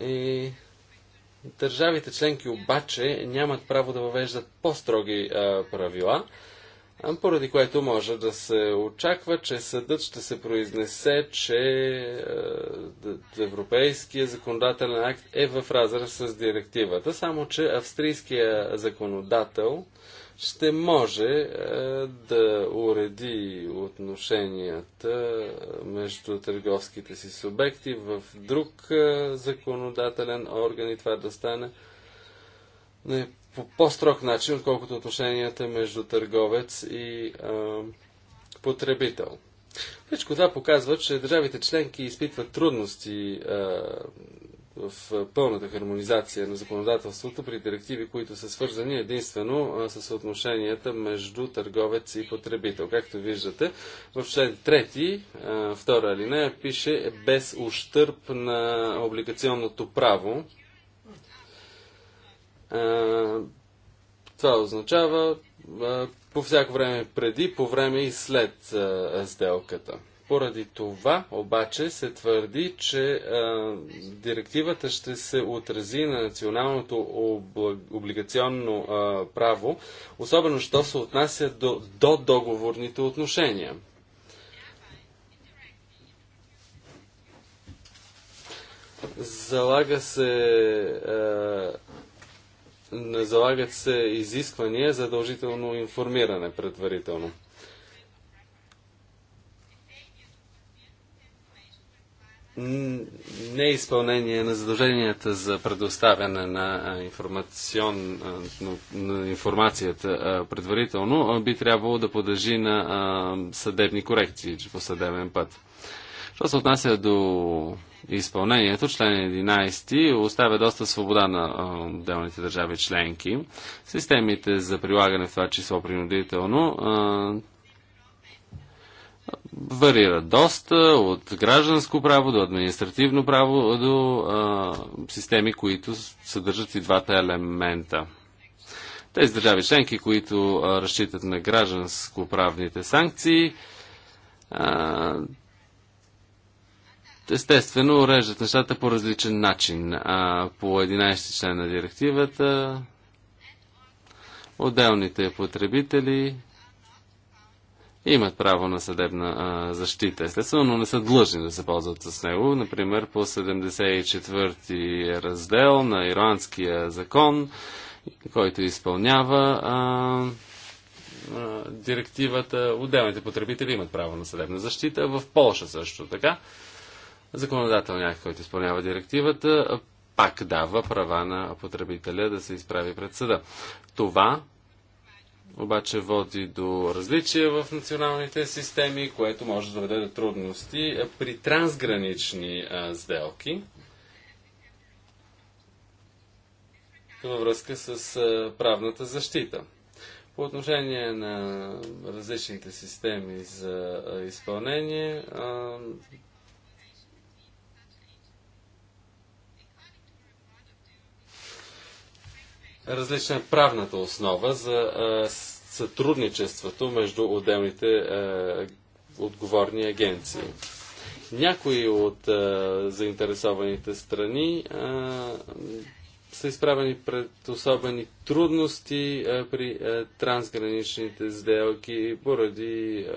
И държавите членки обаче нямат право да въвеждат по-строги правила, поради което може да се очаква, че съдът ще се произнесе, че е, европейския законодателен акт е в разрез с директивата, само че австрийския законодател ще може е, да уреди отношенията между търговските си субекти в друг е, законодателен орган и това да стане на по по-строг начин, отколкото отношенията между търговец и а, потребител. Всичко това показва, че държавите членки изпитват трудности а, в пълната хармонизация на законодателството при директиви, които са свързани единствено а, с отношенията между търговец и потребител. Както виждате, в член 3, втора алинея, пише без ущърп на облигационното право това означава по всяко време преди, по време и след сделката. Поради това обаче се твърди, че директивата ще се отрази на националното облигационно право, особено що се отнася до, до договорните отношения. Залага се залагат се изисквания за дължително информиране предварително. неизпълнение на задълженията за предоставяне на, на информацията предварително би трябвало да подлежи на съдебни корекции по съдебен път. Що се отнася до изпълнението, член 11, оставя доста свобода на отделните държави членки. Системите за прилагане в това число принудително варират доста от гражданско право до административно право до системи, които съдържат и двата елемента. Тези държави членки, които разчитат на гражданско-правните санкции, а, Естествено, уреждат нещата по различен начин. А, по 11 член на директивата, отделните потребители имат право на съдебна а, защита, естествено, но не са длъжни да се ползват с него. Например, по 74-ти раздел на ирландския закон, който изпълнява а, а, директивата, отделните потребители имат право на съдебна защита. В Польша също така. Законодателният акт, който изпълнява директивата, пак дава права на потребителя да се изправи пред съда. Това обаче води до различия в националните системи, което може да доведе до трудности при трансгранични а, сделки. във връзка с а, правната защита. По отношение на различните системи за изпълнение, а, различна е правната основа за сътрудничеството между отделните отговорни агенции. Някои от заинтересованите страни са изправени пред особени трудности а, при а, трансграничните сделки поради а,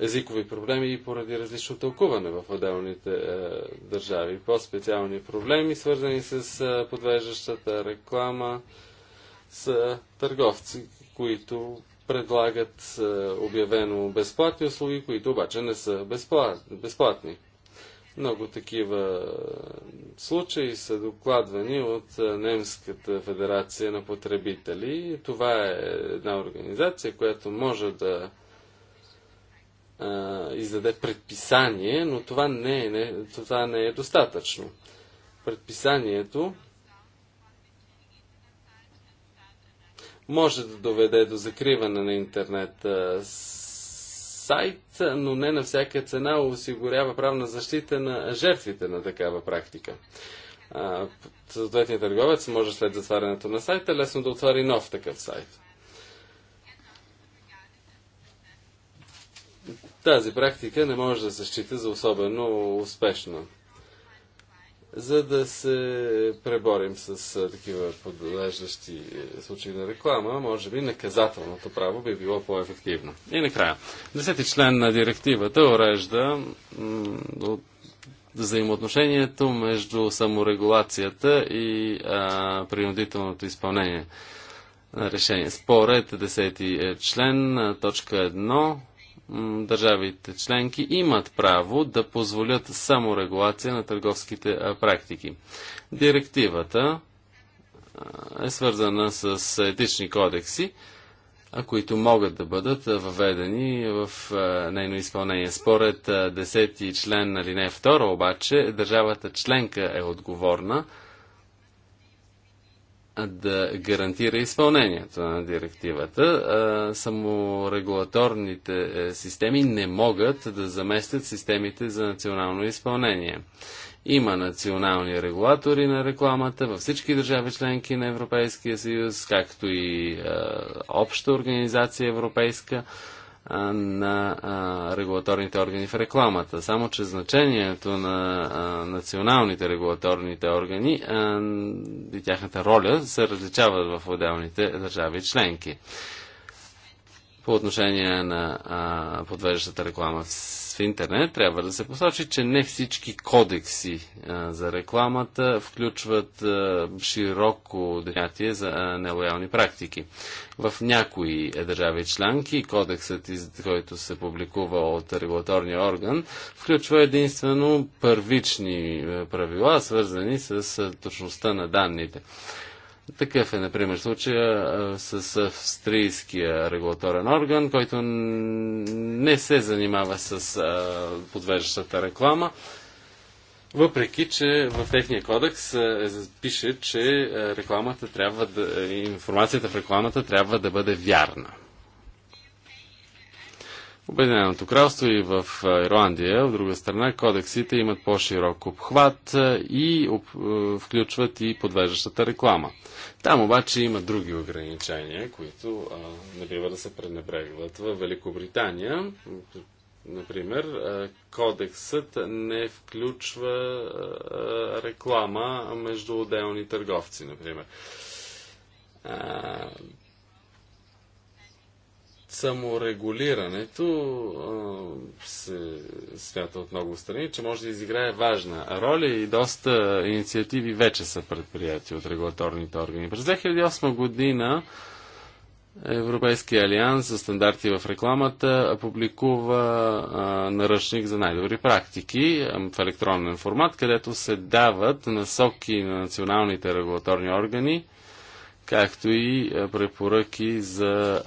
езикови проблеми и поради различно тълкуване в отделните е, държави. По-специални проблеми, свързани с е, подвеждащата реклама, са търговци, които предлагат е, обявено безплатни услуги, които обаче не са безплат, безплатни. Много такива е, случаи са докладвани от е, Немската федерация на потребители. Това е една организация, която може да а, издаде предписание, но това не е, не, това не е достатъчно. Предписанието може да доведе до закриване на интернет сайт, но не на всяка цена осигурява правна защита на жертвите на такава практика. Съответният търговец може след затварянето на сайта лесно да отвори нов такъв сайт. Тази практика не може да се счита за особено успешна. За да се преборим с такива подлеждащи е, случаи на реклама, може би наказателното право би било по-ефективно. И накрая. Десети член на директивата урежда взаимоотношението между саморегулацията и а, принудителното изпълнение на решение. Според 10 е, член, точка 1, държавите членки имат право да позволят саморегулация на търговските практики. Директивата е свързана с етични кодекси, които могат да бъдат въведени в нейно изпълнение. Според 10 член на линия 2, обаче, държавата членка е отговорна да гарантира изпълнението на директивата. Саморегулаторните е, системи не могат да заместят системите за национално изпълнение. Има национални регулатори на рекламата във всички държави членки на Европейския съюз, както и обща организация европейска на регулаторните органи в рекламата. Само, че значението на националните регулаторните органи и тяхната роля се различават в отделните държави членки. По отношение на подвеждащата реклама в в интернет, трябва да се посочи, че не всички кодекси за рекламата включват широко понятие за нелоялни практики. В някои е, държави членки кодексът, който се публикува от регулаторния орган, включва единствено първични правила, свързани с точността на данните. Такъв е, например, случая с австрийския регулаторен орган, който не се занимава с подвеждащата реклама. Въпреки, че в техния кодекс е, пише, че рекламата трябва да, информацията в рекламата трябва да бъде вярна. Обединеното кралство и в Ирландия, от друга страна, кодексите имат по-широк обхват и об... включват и подвеждащата реклама. Там обаче има други ограничения, които а, не бива да се пренебрегват. В Великобритания, например, кодексът не включва а, реклама между отделни търговци, например. А, саморегулирането се свята от много страни, че може да изиграе важна роля и доста инициативи вече са предприяти от регулаторните органи. През 2008 година Европейския алианс за стандарти в рекламата публикува а, наръчник за най-добри практики в електронен формат, където се дават насоки на националните регулаторни органи, както и препоръки за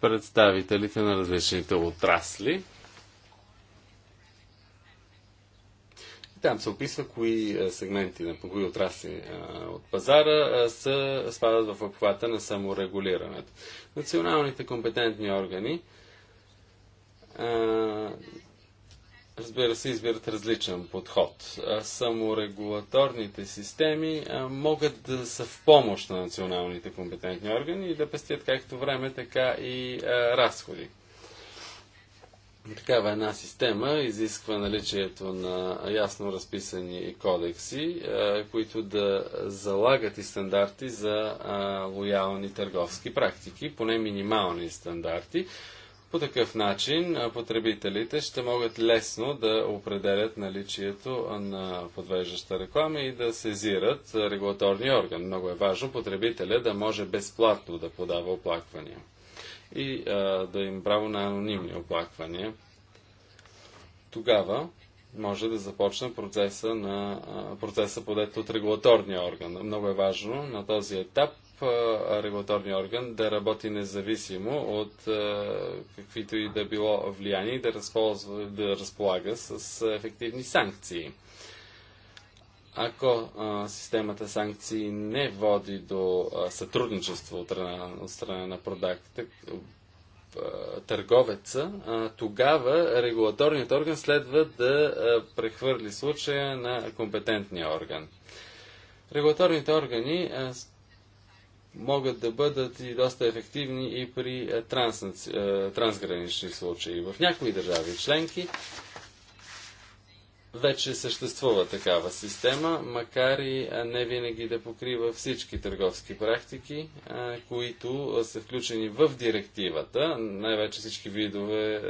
представителите на различните отрасли. там се описва кои е, сегменти, на кои отрасли е, от пазара е, са, спадат в обхвата на саморегулирането. Националните компетентни органи разбира се, избират различен подход. Саморегулаторните системи могат да са в помощ на националните компетентни органи и да пестят както време, така и разходи. Такава една система изисква наличието на ясно разписани кодекси, които да залагат и стандарти за лоялни търговски практики, поне минимални стандарти, по такъв начин потребителите ще могат лесно да определят наличието на подвеждаща реклама и да сезират регулаторния орган. Много е важно потребителя да може безплатно да подава оплаквания и а, да им право на анонимни оплаквания. Тогава може да започне процеса, на, процеса подет от регулаторния орган. Много е важно на този етап регулаторния орган да работи независимо от е, каквито и да било влияние и да, да разполага с ефективни санкции. Ако а, е, системата санкции не води до а, е, сътрудничество от страна, от страна на продакта, търговеца, а, тогава регулаторният орган следва да прехвърли случая на компетентния орган. Регулаторните органи могат да бъдат и доста ефективни и при е, транс, е, трансгранични случаи. В някои държави членки вече съществува такава система, макар и е, не винаги да покрива всички търговски практики, които са включени в директивата, най-вече всички видове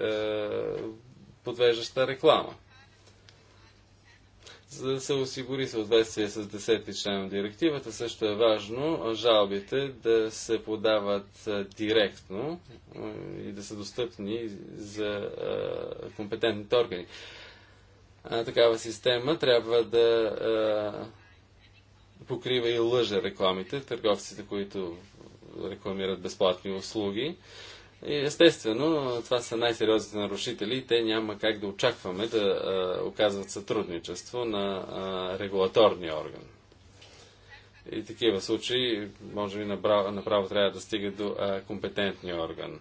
подвеждаща реклама. За да се осигури съответствие с 10-ти член на директивата, също е важно жалбите да се подават директно и да са достъпни за компетентните органи. Такава система трябва да покрива и лъжа рекламите, търговците, които рекламират безплатни услуги. И естествено, това са най-сериозните нарушители и те няма как да очакваме да а, оказват сътрудничество на а, регулаторния орган. И такива случаи, може би направо, направо трябва да стига до а, компетентния орган.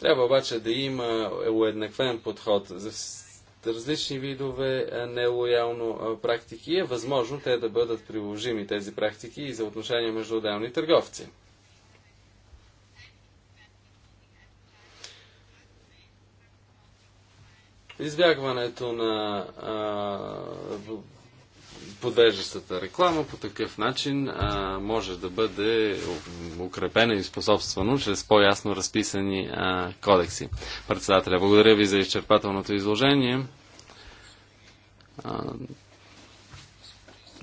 Трябва обаче да има уеднаквен подход за различни видове нелоялно практики и е възможно те да бъдат приложими тези практики и за отношения между отделни търговци. избягването на а, подвеждащата реклама по такъв начин а, може да бъде укрепена и способствано чрез по-ясно разписани а, кодекси. Председателя, благодаря ви за изчерпателното изложение.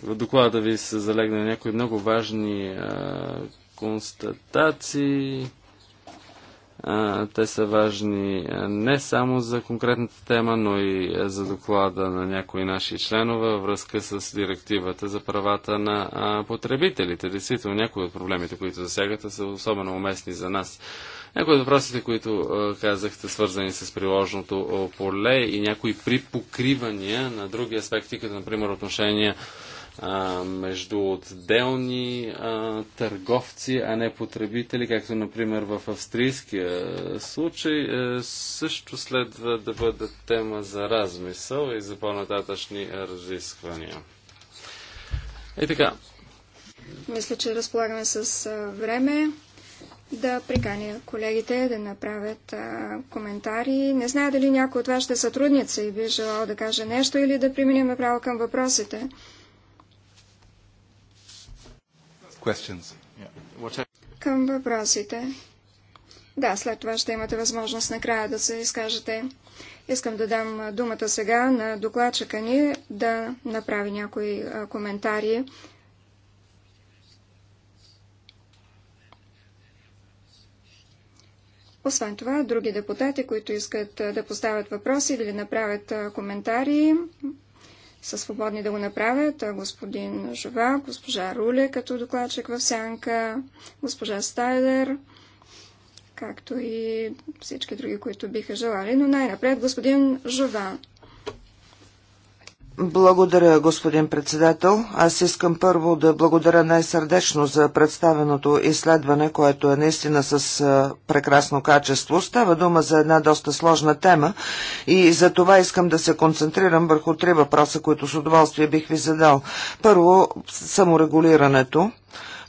в доклада ви са залегнали някои много важни а, констатации. Те са важни не само за конкретната тема, но и за доклада на някои наши членове във връзка с директивата за правата на потребителите. Действително, някои от проблемите, които засягате, са особено уместни за нас. Някои от въпросите, които казахте, свързани с приложното поле и някои припокривания на други аспекти, като например отношения а, между отделни а, търговци, а не потребители, както например в австрийския случай, е, също следва да бъде тема за размисъл и за по-нататъчни разисквания. И така. Мисля, че разполагаме с време да приканя колегите да направят а, коментари. Не зная дали някой от вашите сътрудници би желал да каже нещо или да преминем право към въпросите. Към въпросите. Да, след това ще имате възможност накрая да се изкажете. Искам да дам думата сега на докладчика ни да направи някои коментари. Освен това, други депутати, които искат да поставят въпроси или да направят коментари, са свободни да го направят. Господин Жова, госпожа Руле като докладчик в сянка, госпожа Стайлер, както и всички други, които биха желали. Но най-напред господин Жова. Благодаря, господин председател. Аз искам първо да благодаря най-сърдечно за представеното изследване, което е наистина с прекрасно качество. Става дума за една доста сложна тема и за това искам да се концентрирам върху три въпроса, които с удоволствие бих ви задал. Първо, саморегулирането.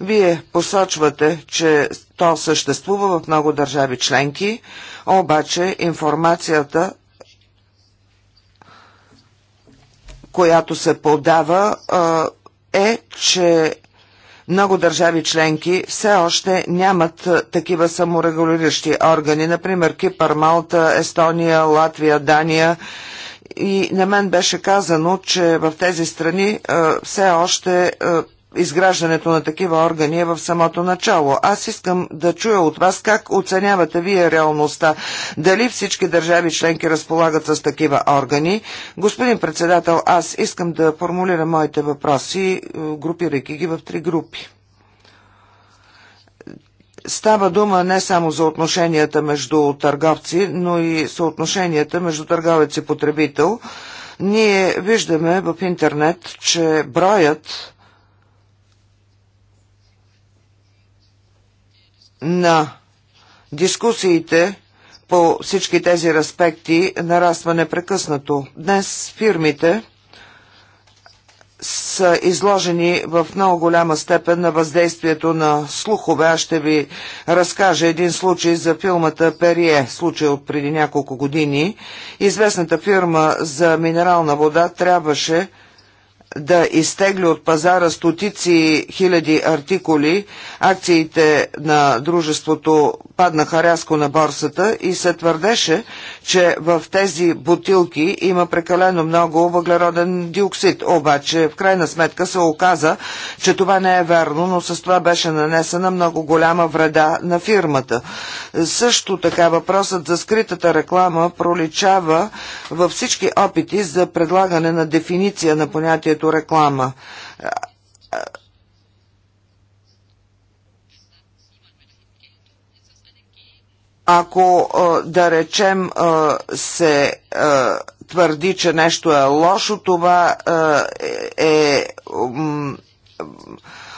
Вие посочвате, че то съществува в много държави членки, обаче информацията която се подава, е, че много държави членки все още нямат такива саморегулиращи органи, например Кипър, Малта, Естония, Латвия, Дания. И на мен беше казано, че в тези страни все още изграждането на такива органи е в самото начало. Аз искам да чуя от вас как оценявате вие реалността. Дали всички държави членки разполагат с такива органи? Господин председател, аз искам да формулира моите въпроси, е, групирайки ги в три групи. Става дума не само за отношенията между търговци, но и съотношенията между търговец и потребител. Ние виждаме в интернет, че броят на дискусиите по всички тези аспекти нараства непрекъснато. Днес фирмите са изложени в много голяма степен на въздействието на слухове. Аз ще ви разкажа един случай за филмата Перие, случай от преди няколко години. Известната фирма за минерална вода трябваше да изтегли от пазара стотици хиляди артикули, акциите на дружеството паднаха рязко на борсата и се твърдеше, че в тези бутилки има прекалено много въглероден диоксид. Обаче, в крайна сметка се оказа, че това не е верно, но с това беше нанесена много голяма вреда на фирмата. Също така въпросът за скритата реклама проличава във всички опити за предлагане на дефиниция на понятието реклама ако да речем се твърди, че нещо е лошо, това е, е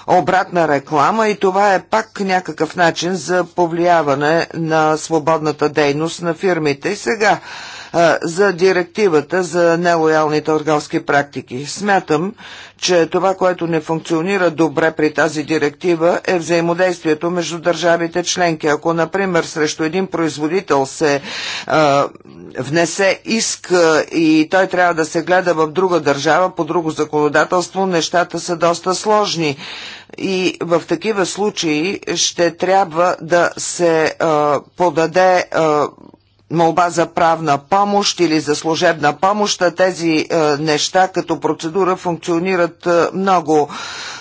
обратна реклама и това е пак някакъв начин за повлияване на свободната дейност на фирмите. И сега за директивата за нелоялни търговски практики. Смятам, че това, което не функционира добре при тази директива е взаимодействието между държавите членки. Ако, например, срещу един производител се а, внесе иск и той трябва да се гледа в друга държава по друго законодателство, нещата са доста сложни и в такива случаи ще трябва да се а, подаде а, молба за правна помощ или за служебна помощ, а тези е, неща като процедура функционират е, много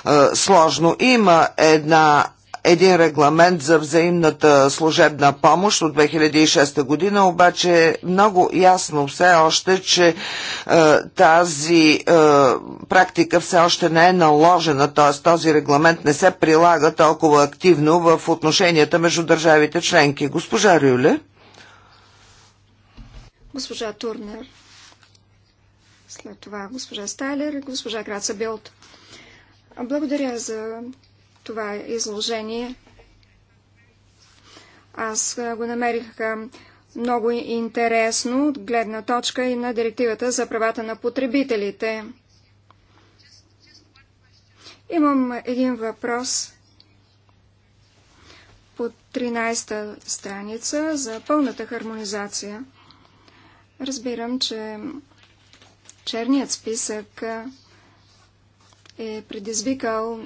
е, сложно. Има една един регламент за взаимната служебна помощ от 2006 година, обаче е много ясно все още, че е, тази е, практика все още не е наложена, т.е. този регламент не се прилага толкова активно в отношенията между държавите членки. Госпожа Рюле? госпожа Турнер. След това госпожа Стайлер и госпожа Граца Билт. Благодаря за това изложение. Аз го намерих много интересно от гледна точка и на директивата за правата на потребителите. Имам един въпрос по 13-та страница за пълната хармонизация – Разбирам, че черният списък е предизвикал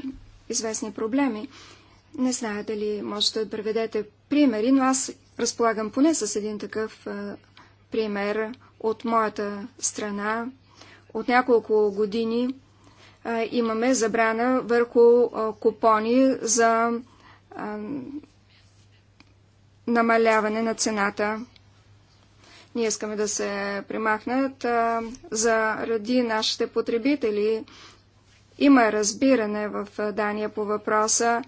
известни проблеми. Не зная дали можете да преведете примери, но аз разполагам поне с един такъв пример от моята страна. От няколко години имаме забрана върху купони за намаляване на цената ние искаме да се примахнат а, заради нашите потребители. Има разбиране в Дания по въпроса,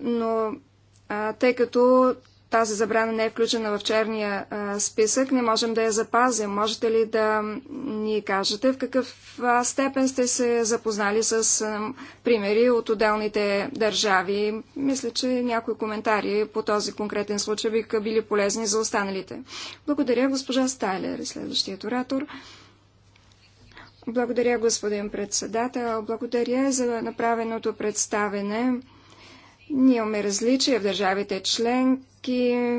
но а, тъй като тази забрана не е включена в черния а, списък, не можем да я запазим. Можете ли да ни кажете в какъв степен сте се запознали с а, примери от отделните държави? Мисля, че някои коментари по този конкретен случай биха били полезни за останалите. Благодаря, госпожа Стайлер, следващият оратор. Благодаря, господин председател. Благодаря за направеното представене. Ние имаме различия в държавите член, всички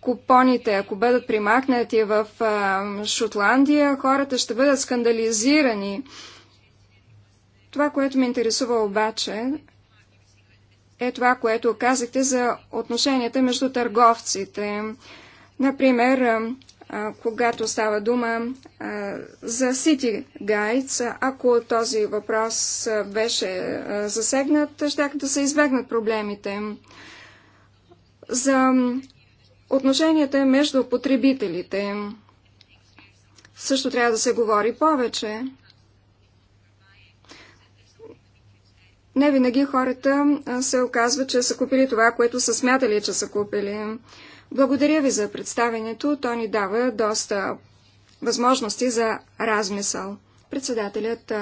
купоните, ако бъдат примахнати в Шотландия, хората ще бъдат скандализирани. Това, което ме интересува обаче, е това, което казахте за отношенията между търговците. Например, когато става дума за City Guides, ако този въпрос беше засегнат, ще да се избегнат проблемите за отношенията между потребителите. Също трябва да се говори повече. Не винаги хората се оказва, че са купили това, което са смятали, че са купили. Благодаря ви за представенето. То ни дава доста възможности за размисъл. Председателят,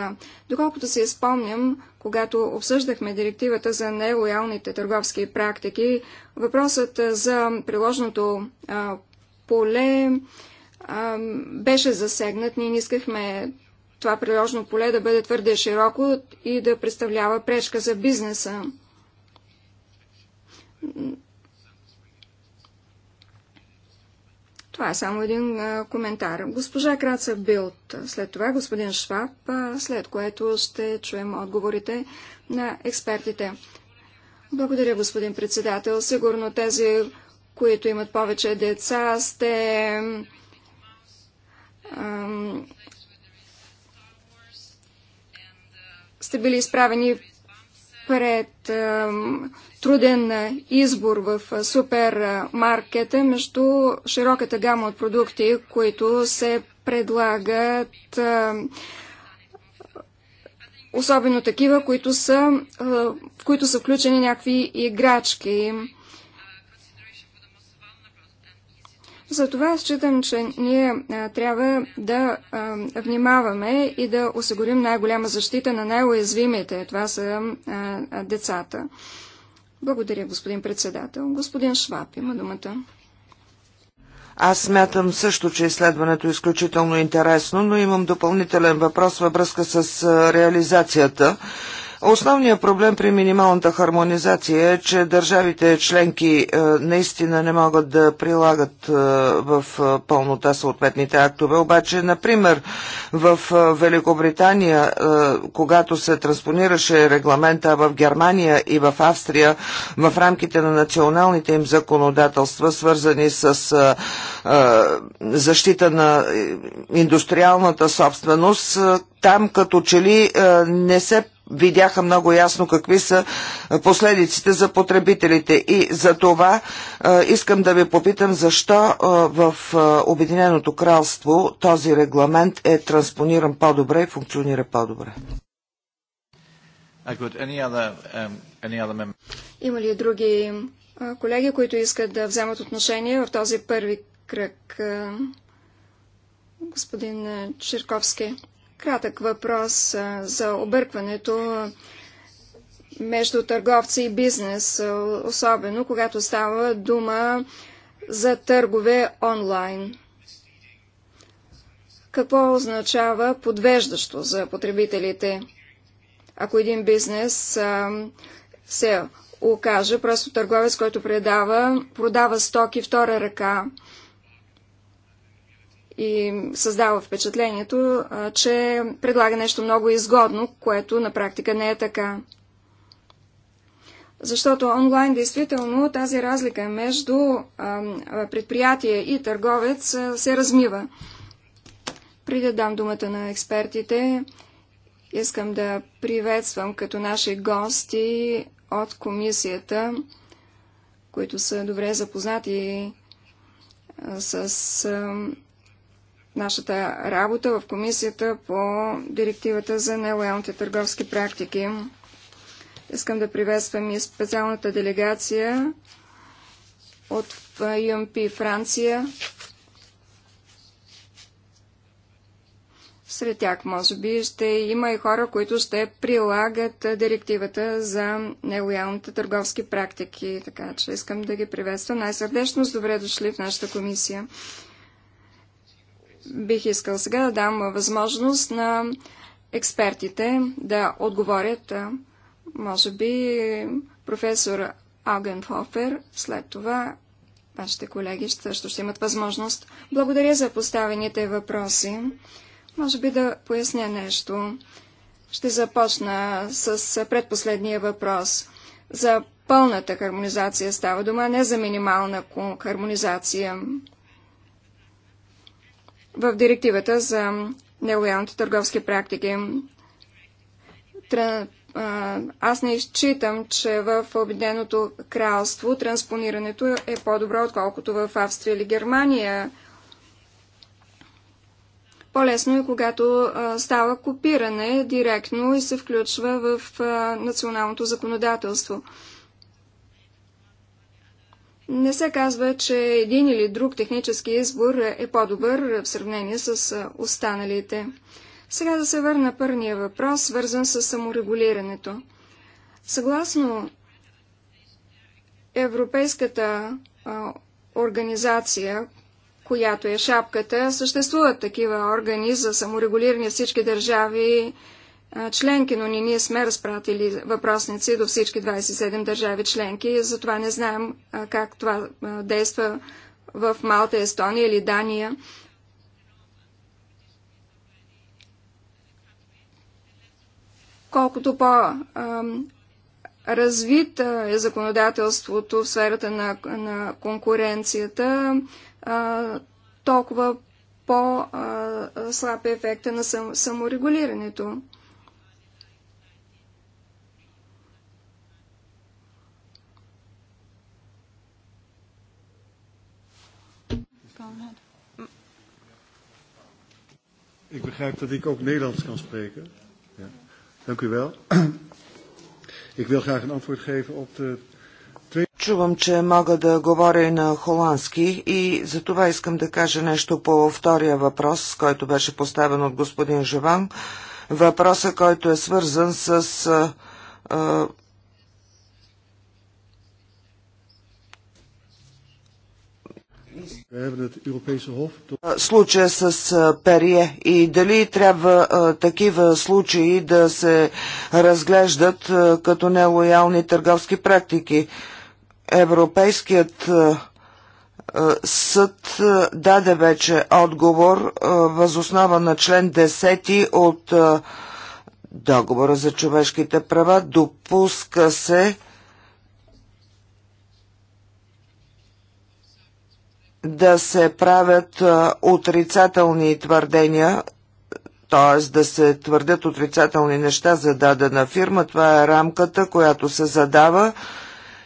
доколкото се изпомням, когато обсъждахме директивата за нелоялните търговски практики, въпросът за приложното а, поле а, беше засегнат. Ние не искахме това приложно поле да бъде твърде широко и да представлява пречка за бизнеса. Това е само един а, коментар. Госпожа Краца Билт, след това господин Шваб, а, след което ще чуем отговорите на експертите. Благодаря, господин председател. Сигурно тези, които имат повече деца, сте а, сте били изправени пред труден е, избор в е, супермаркета е, между широката гама от продукти, които се предлагат, особено такива, които са, в които са включени някакви играчки. Затова считам, че ние а, трябва да а, внимаваме и да осигурим най-голяма защита на най-уязвимите. Това са а, децата. Благодаря, господин председател. Господин Шваб има думата. Аз смятам също, че изследването е изключително интересно, но имам допълнителен въпрос във връзка с реализацията. Основният проблем при минималната хармонизация е, че държавите членки е, наистина не могат да прилагат е, в е, пълнота съответните актове. Обаче, например, в Великобритания, когато се транспонираше регламента в Германия и в Австрия, в рамките на националните им законодателства, свързани с защита на индустриалната собственост, там като че ли не се видяха много ясно какви са е, последиците за потребителите. И за това е, искам да ви попитам защо е, в Обединеното кралство този регламент е транспониран по-добре и функционира по-добре. Uh, um, Има ли други колеги, които искат да вземат отношение в този първи кръг? Господин Черковски. Кратък въпрос за объркването между търговци и бизнес, особено когато става дума за търгове онлайн. Какво означава подвеждащо за потребителите? Ако един бизнес се окаже просто търговец, който предава, продава стоки втора ръка, и създава впечатлението, че предлага нещо много изгодно, което на практика не е така. Защото онлайн действително тази разлика между предприятие и търговец се размива. Преди да дам думата на експертите, искам да приветствам като наши гости от комисията, които са добре запознати с нашата работа в комисията по директивата за нелоялните търговски практики. Искам да приветствам и специалната делегация от UMP Франция. Сред тях, може би, ще има и хора, които ще прилагат директивата за нелоялните търговски практики. Така че искам да ги приветствам най-сърдечно. С добре дошли в нашата комисия. Бих искал сега да дам възможност на експертите да отговорят. Може би професор Хофер, след това вашите колеги също ще имат възможност. Благодаря за поставените въпроси. Може би да поясня нещо. Ще започна с предпоследния въпрос. За пълната хармонизация става дума, не за минимална хармонизация в директивата за нелоялните търговски практики. Аз не изчитам, че в Обединеното кралство транспонирането е по-добро, отколкото в Австрия или Германия. По-лесно е, когато става копиране директно и се включва в националното законодателство. Не се казва, че един или друг технически избор е по-добър в сравнение с останалите. Сега да се върна първия въпрос, свързан с саморегулирането. Съгласно Европейската а, организация, която е шапката, съществуват такива органи за саморегулиране всички държави членки, но не ние сме разпратили въпросници до всички 27 държави членки, затова не знаем как това действа в Малта, Естония или Дания. Колкото по-развит е законодателството в сферата на, на конкуренцията, толкова по-слаб е ефекта на саморегулирането. Ik begrijp dat ik ook Nederlands kan spreken. Ja. Dank u wel. Ik wil graag een antwoord geven op de Чувам, че мога да говоря и на холандски и за това искам да кажа нещо по втория въпрос, който беше поставен от господин Живан. Въпросът, който е свързан с а, а, Случая с Перие и дали трябва такива случаи да се разглеждат като нелоялни търговски практики. Европейският съд даде вече отговор възоснова на член 10 от договора за човешките права. Допуска се да се правят отрицателни твърдения, т.е. да се твърдят отрицателни неща за дадена фирма. Това е рамката, която се задава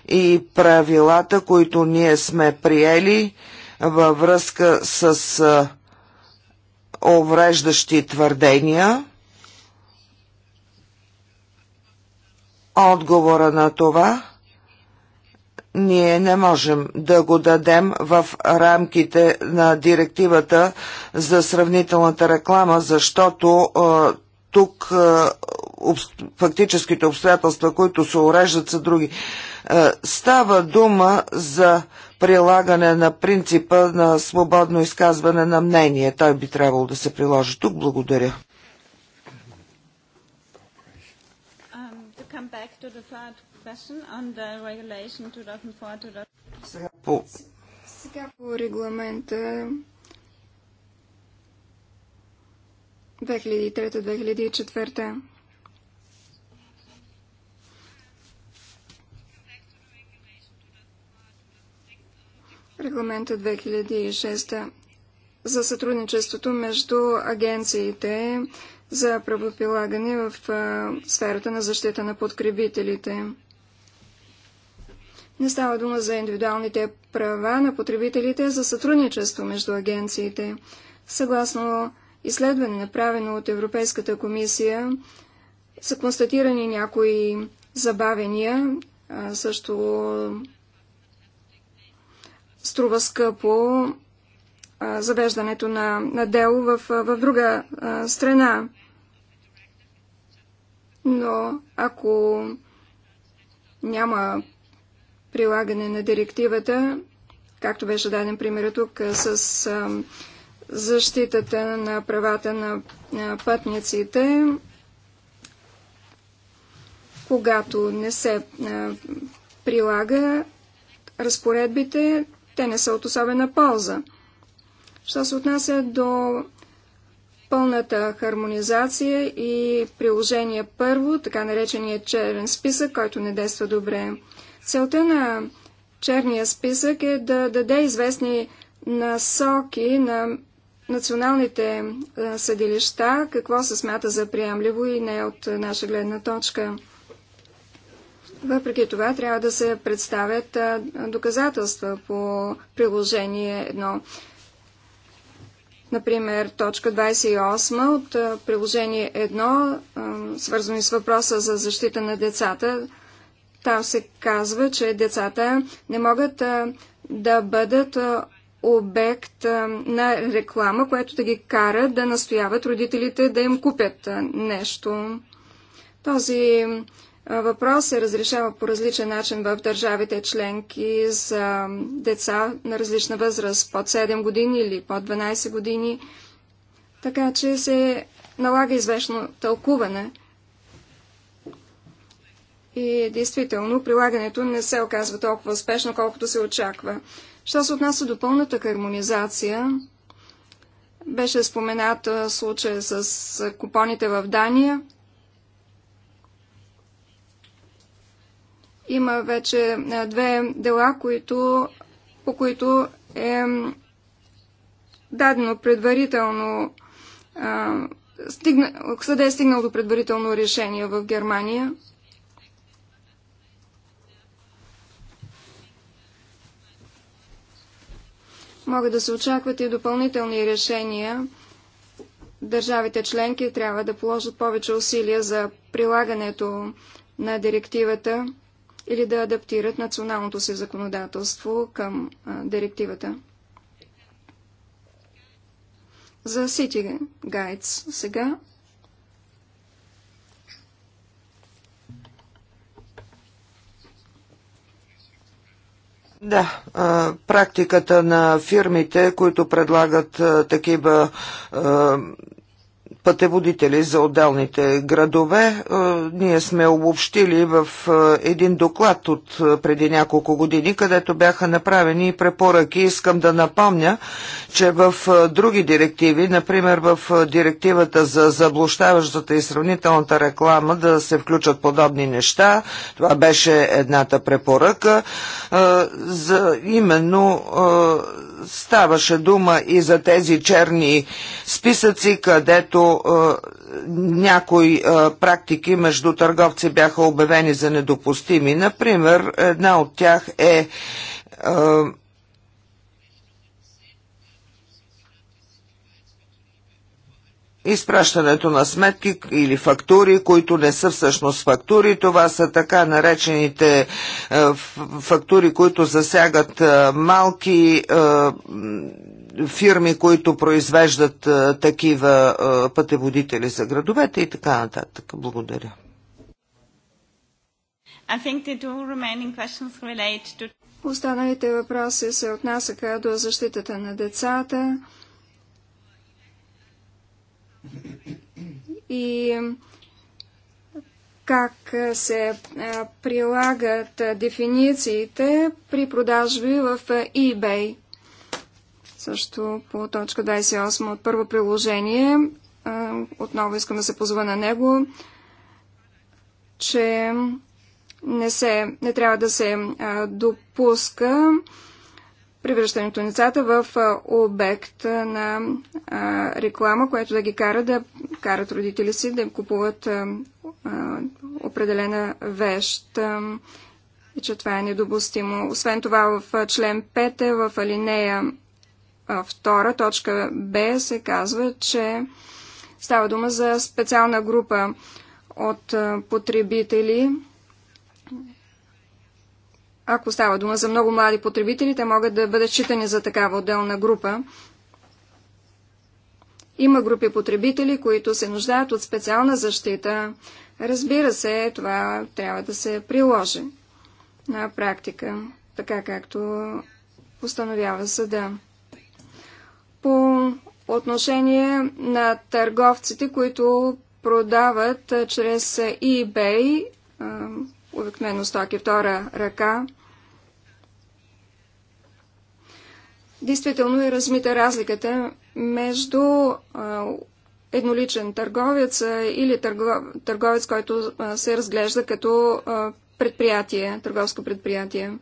и правилата, които ние сме приели във връзка с увреждащи твърдения. Отговора на това ние не можем да го дадем в рамките на директивата за сравнителната реклама, защото тук фактическите обстоятелства, които се уреждат, са други. става дума за прилагане на принципа на свободно изказване на мнение. Той би трябвало да се приложи тук. Благодаря. Um, come back to the third question on the regulation 2004. Сега по... Сега по регламента 2003-2004. Регламента 2006 за сътрудничеството между агенциите за правоприлагане в сферата на защита на потребителите. Не става дума за индивидуалните права на потребителите, за сътрудничество между агенциите. Съгласно изследване, направено от Европейската комисия, са констатирани някои забавения, също струва скъпо завеждането на, на дело в, в друга а, страна. Но ако няма прилагане на директивата, както беше даден пример тук с а, защитата на правата на, на пътниците, когато не се а, прилага разпоредбите, те не са от особена полза. Що се отнася до пълната хармонизация и приложение първо, така наречения черен списък, който не действа добре. Целта на черния списък е да даде известни насоки на националните е, съдилища, какво се смята за приемливо и не от наша гледна точка. Въпреки това трябва да се представят е, доказателства по приложение едно. Например, точка 28 от приложение 1, свързани с въпроса за защита на децата, там се казва, че децата не могат да бъдат обект на реклама, което да ги кара да настояват родителите да им купят нещо. Този въпрос се разрешава по различен начин в държавите членки за деца на различна възраст, под 7 години или под 12 години. Така че се налага известно тълкуване. И действително прилагането не се оказва толкова успешно, колкото се очаква. Що се отнася до пълната хармонизация, беше споменат случая с купоните в Дания. Има вече две дела, които, по които е дадено предварително стигна, съде е стигнал до предварително решение в Германия. Могат да се очакват и допълнителни решения. Държавите членки трябва да положат повече усилия за прилагането на директивата или да адаптират националното си законодателство към а, директивата. За City Guides сега. Да, практиката на фирмите, които предлагат такива пътеводители за отделните градове. Е, ние сме обобщили в е, един доклад от е, преди няколко години, където бяха направени препоръки. Искам да напомня, че в други директиви, например в директивата за заблуждаващата и сравнителната реклама, да се включат подобни неща. Това беше едната препоръка. За именно ставаше дума и за тези черни списъци, където е, някои е, практики между търговци бяха обявени за недопустими. Например, една от тях е, е изпращането на сметки или фактури, които не са всъщност фактури. Това са така наречените е, фактури, които засягат е, малки е, фирми, които произвеждат такива пътеводители за градовете и така нататък. Благодаря. Останалите въпроси се отнасяха до защитата на децата, и как се е, прилагат дефинициите при продажби в е, eBay. Също по точка 28 от първо приложение, е, отново искам да се позова на него, че не, се, не трябва да се допуска превръщането на децата в обект на реклама, което да ги кара да карат родители си да им купуват определена вещ и че това е недопустимо. Освен това в член 5 е, в алинея 2 точка Б се казва, че става дума за специална група от потребители, ако става дума за много млади потребители, те могат да бъдат считани за такава отделна група. Има групи потребители, които се нуждаят от специална защита. Разбира се, това трябва да се приложи на практика, така както постановява съда. По отношение на търговците, които продават чрез eBay обикновено стоки втора ръка. Действително е размита разликата между едноличен търговец или търговец, който се разглежда като предприятие, търговско предприятие.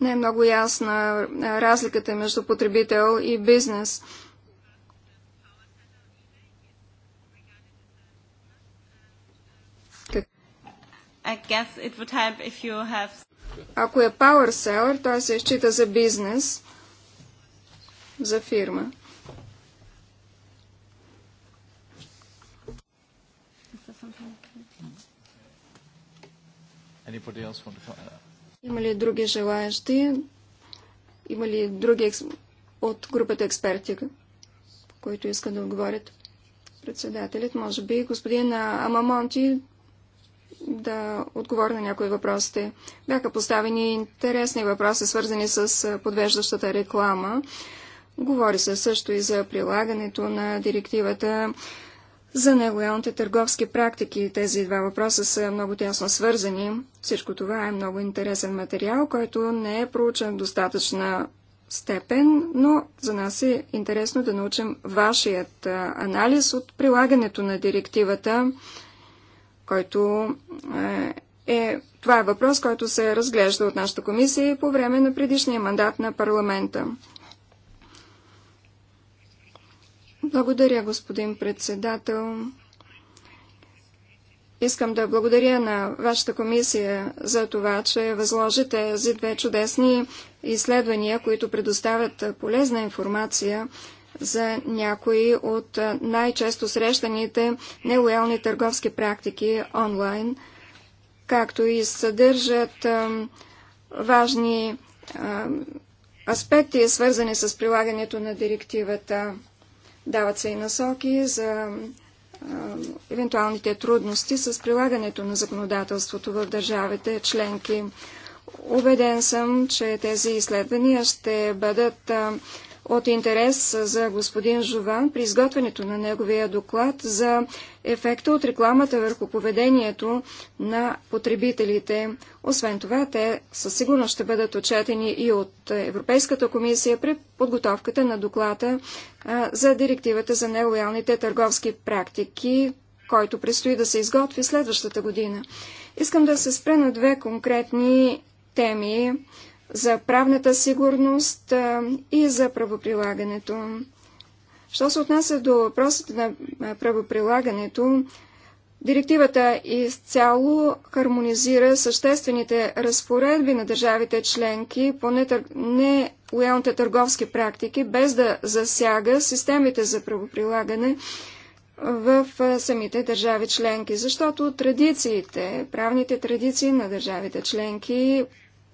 Не е много ясна разликата между потребител и бизнес – Ако е power seller, той се счита за бизнес, за фирма. Има ли други желаящи? Има ли други от групата експерти, които искат да отговорят? Председателят, може би, господин Амамонти, да отговоря на някои въпросите. Бяха поставени интересни въпроси, свързани с подвеждащата реклама. Говори се също и за прилагането на директивата за нелоялните търговски практики. Тези два въпроса са много тясно свързани. Всичко това е много интересен материал, който не е проучен в достатъчна степен, но за нас е интересно да научим вашият анализ от прилагането на директивата който е, е, това е въпрос, който се разглежда от нашата комисия и по време на предишния мандат на парламента. Благодаря, господин председател. Искам да благодаря на вашата комисия за това, че възложите тези две чудесни изследвания, които предоставят полезна информация за някои от най-често срещаните нелоялни търговски практики онлайн, както и съдържат важни аспекти, свързани с прилагането на директивата. Дават се и насоки за евентуалните трудности с прилагането на законодателството в държавите членки. Убеден съм, че тези изследвания ще бъдат от интерес за господин Жован при изготвянето на неговия доклад за ефекта от рекламата върху поведението на потребителите. Освен това, те със сигурност ще бъдат отчетени и от Европейската комисия при подготовката на доклада за директивата за нелоялните търговски практики, който предстои да се изготви следващата година. Искам да се спре на две конкретни теми, за правната сигурност и за правоприлагането. Що се отнася до въпросите на правоприлагането, директивата изцяло хармонизира съществените разпоредби на държавите членки по нелоялните търговски практики, без да засяга системите за правоприлагане в самите държави членки, защото традициите, правните традиции на държавите членки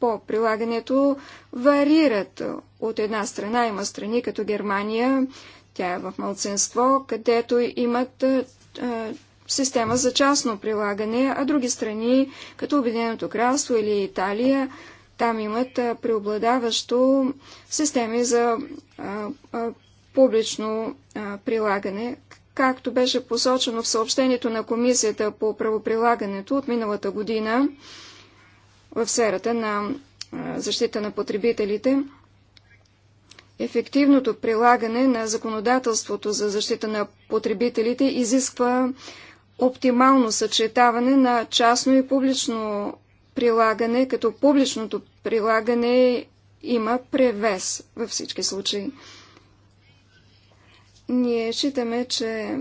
по прилагането варират. От една страна има страни като Германия, тя е в мълценство, където имат е, система за частно прилагане, а други страни, като Обединеното кралство или Италия, там имат преобладаващо системи за а, публично прилагане, както беше посочено в съобщението на Комисията по правоприлагането от миналата година в сферата на защита на потребителите. Ефективното прилагане на законодателството за защита на потребителите изисква оптимално съчетаване на частно и публично прилагане, като публичното прилагане има превес във всички случаи. Ние считаме, че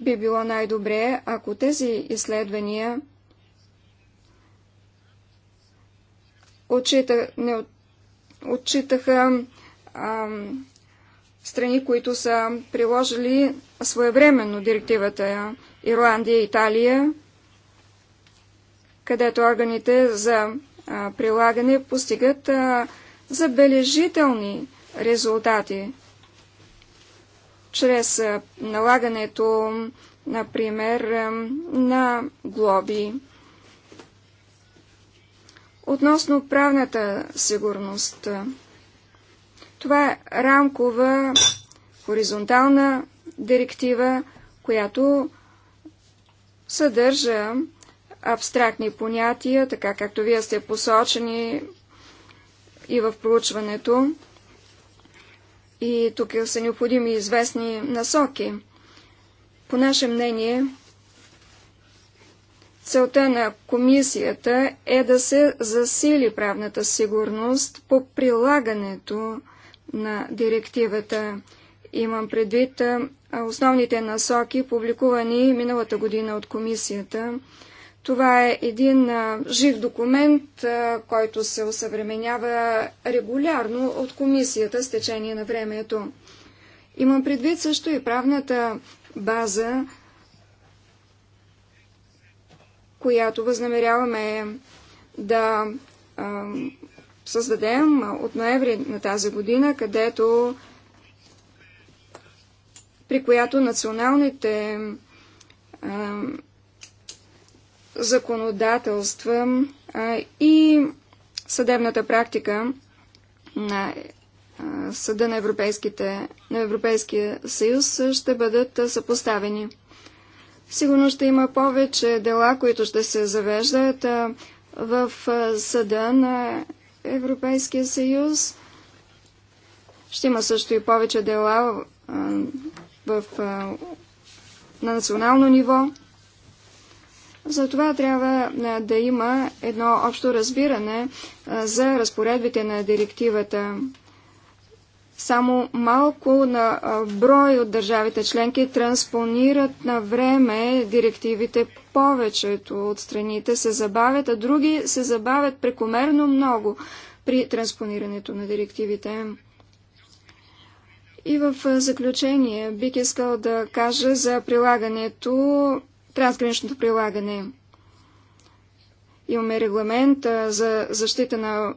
би било най-добре, ако тези изследвания отчита, не отчитаха а, страни, които са приложили своевременно директивата Ирландия, и Италия, където органите за а, прилагане постигат а, забележителни резултати чрез налагането, например, на глоби Относно правната сигурност, това е рамкова хоризонтална директива, която съдържа абстрактни понятия, така както вие сте посочени и в проучването. И тук са необходими известни насоки. По наше мнение, Целта на комисията е да се засили правната сигурност по прилагането на директивата. Имам предвид основните насоки, публикувани миналата година от комисията. Това е един жив документ, който се осъвременява регулярно от комисията с течение на времето. Имам предвид също и правната база която възнамеряваме да създадем от ноември на тази година, където при която националните а, законодателства а, и съдебната практика на Съда на, Европейските, на Европейския съюз ще бъдат съпоставени. Сигурно ще има повече дела, които ще се завеждат в съда на Европейския съюз. Ще има също и повече дела в, на национално ниво. Затова трябва да има едно общо разбиране за разпоредбите на директивата. Само малко на брой от държавите членки транспонират на време директивите. Повечето от страните се забавят, а други се забавят прекомерно много при транспонирането на директивите. И в заключение бих искал да кажа за прилагането, трансграничното прилагане. Имаме регламент за защита на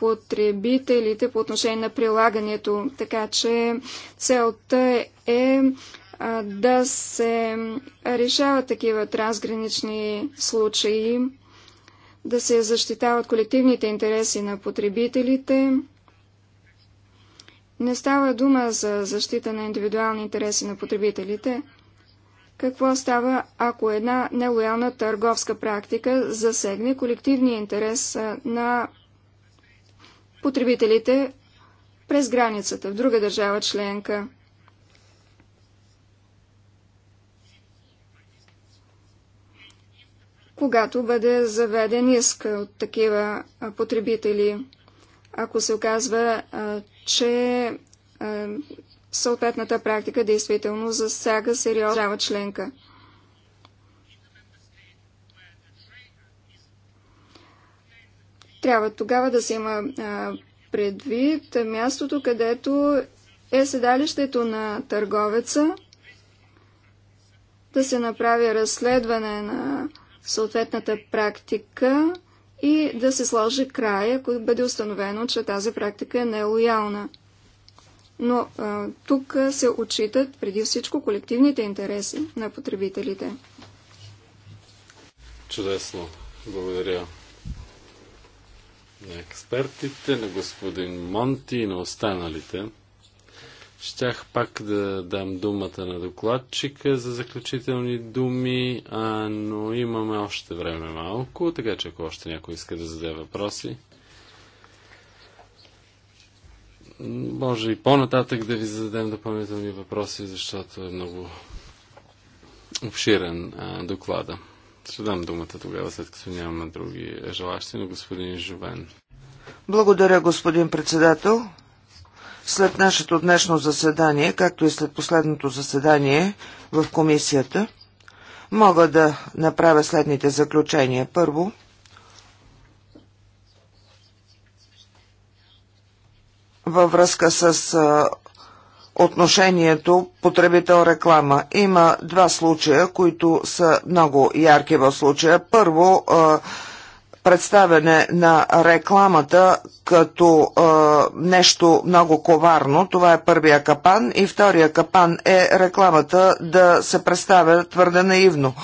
потребителите по отношение на прилагането. Така че целта е, е да се решават такива трансгранични случаи, да се защитават колективните интереси на потребителите. Не става дума за защита на индивидуални интереси на потребителите. Какво става, ако една нелоялна търговска практика засегне колективния интерес на потребителите през границата в друга държава членка. Когато бъде заведен иск от такива потребители, ако се оказва, че съответната практика действително засяга сериозна държава членка. Трябва тогава да се има а, предвид мястото, където е седалището на търговеца, да се направи разследване на съответната практика и да се сложи край, ако бъде установено, че тази практика е нелоялна. Но а, тук се отчитат преди всичко колективните интереси на потребителите. Чудесно. Благодаря на експертите, на господин Монти и на останалите. Щях пак да дам думата на докладчика за заключителни думи, а, но имаме още време малко, така че ако още някой иска да зададе въпроси, може и по-нататък да ви зададем допълнителни въпроси, защото е много обширен а, доклада. Ще дам думата тогава, след като нямаме други желащи, но господин Жовен. Благодаря, господин председател. След нашето днешно заседание, както и след последното заседание в комисията, мога да направя следните заключения. Първо, във връзка с отношението потребител-реклама. Има два случая, които са много ярки в случая. Първо, представяне на рекламата като е, нещо много коварно. Това е първия капан и втория капан е рекламата да се представя твърде наивно.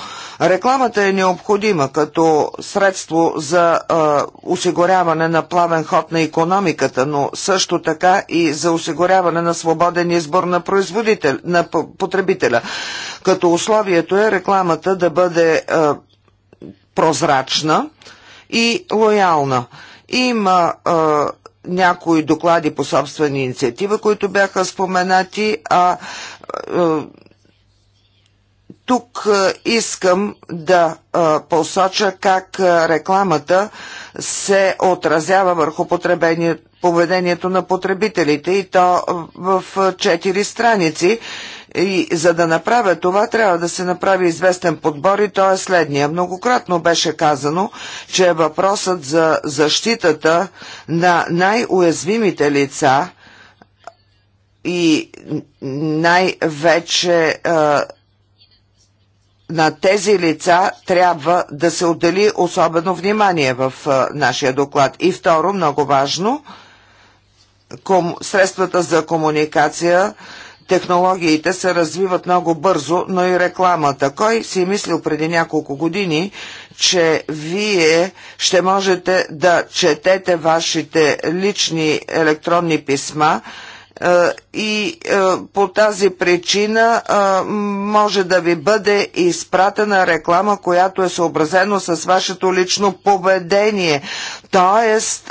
Рекламата е необходима като средство за е, осигуряване на плавен ход на економиката, но също така и за осигуряване на свободен избор на, производител, на потребителя. Като условието е рекламата да бъде е, прозрачна, и лоялна. Има а, някои доклади по собствени инициатива, които бяха споменати, а, а тук искам да посоча как рекламата се отразява върху поведението на потребителите и то в четири страници. И за да направя това, трябва да се направи известен подбор и то е следния. Многократно беше казано, че е въпросът за защитата на най-уязвимите лица и най-вече на тези лица трябва да се отдели особено внимание в нашия доклад. И второ, много важно, средствата за комуникация технологиите се развиват много бързо, но и рекламата. Кой си е мислил преди няколко години, че вие ще можете да четете вашите лични електронни писма, и по тази причина може да ви бъде изпратена реклама, която е съобразено с вашето лично поведение. Тоест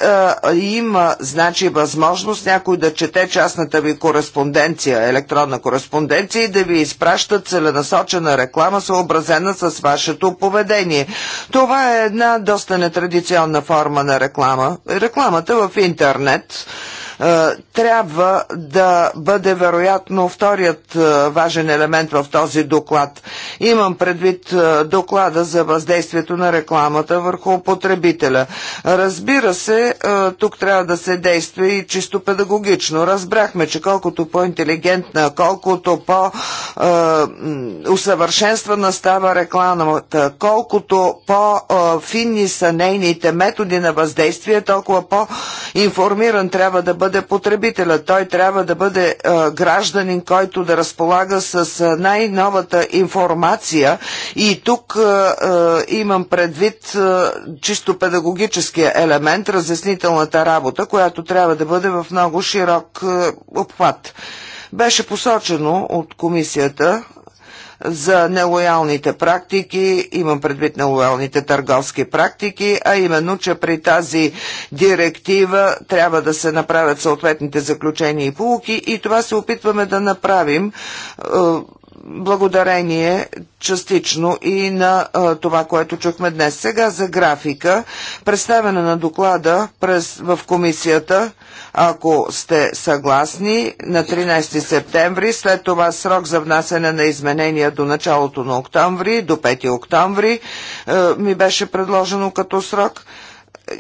има значи възможност някой да чете частната ви кореспонденция, електронна кореспонденция и да ви изпраща целенасочена реклама, съобразена с вашето поведение. Това е една доста нетрадиционна форма на реклама. Рекламата в интернет – е, трябва да бъде вероятно вторият е, важен елемент в този доклад. Имам предвид е, доклада за въздействието на рекламата върху потребителя. Разбира се, тук трябва да се действа и чисто педагогично. Разбрахме, че колкото по-интелигентна, колкото по-усъвършенствана става рекламата, колкото по-финни са нейните методи на въздействие, толкова по-информиран трябва да бъде бъде потребителя. Той трябва да бъде а, гражданин, който да разполага с най-новата информация. И тук а, имам предвид а, чисто педагогическия елемент, разяснителната работа, която трябва да бъде в много широк обхват. Беше посочено от комисията за нелоялните практики, имам предвид нелоялните търговски практики, а именно, че при тази директива трябва да се направят съответните заключения и полуки и това се опитваме да направим е, благодарение частично и на а, това, което чухме днес. Сега за графика. представена на доклада през, в комисията, ако сте съгласни, на 13 септември, след това срок за внасене на изменения до началото на октомври, до 5 октомври, а, е, ми беше предложено като срок –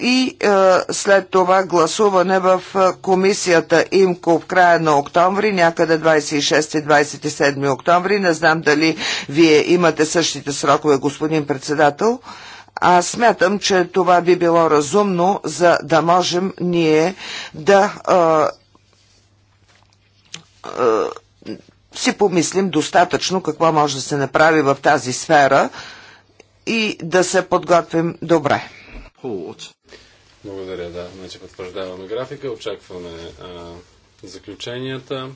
и е, след това гласуване в е, комисията ИМКО в края на октомври, някъде 26-27 октомври. Не знам дали вие имате същите срокове, господин председател. а смятам, че това би било разумно, за да можем ние да е, е, си помислим достатъчно какво може да се направи в тази сфера и да се подготвим добре report. Благодаря, да. Значи потвърждаваме графика, очакваме а, заключенията.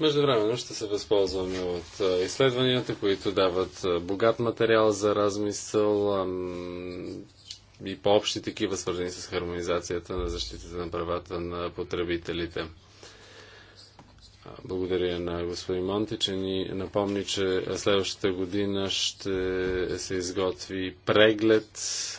Междувременно ще се възползваме от а, изследванията, които дават а, богат материал за размисъл а, и по-общи такива, свързани с хармонизацията на защитата на правата на потребителите. Благодаря на господин Монти, че ни напомни, че следващата година ще се изготви преглед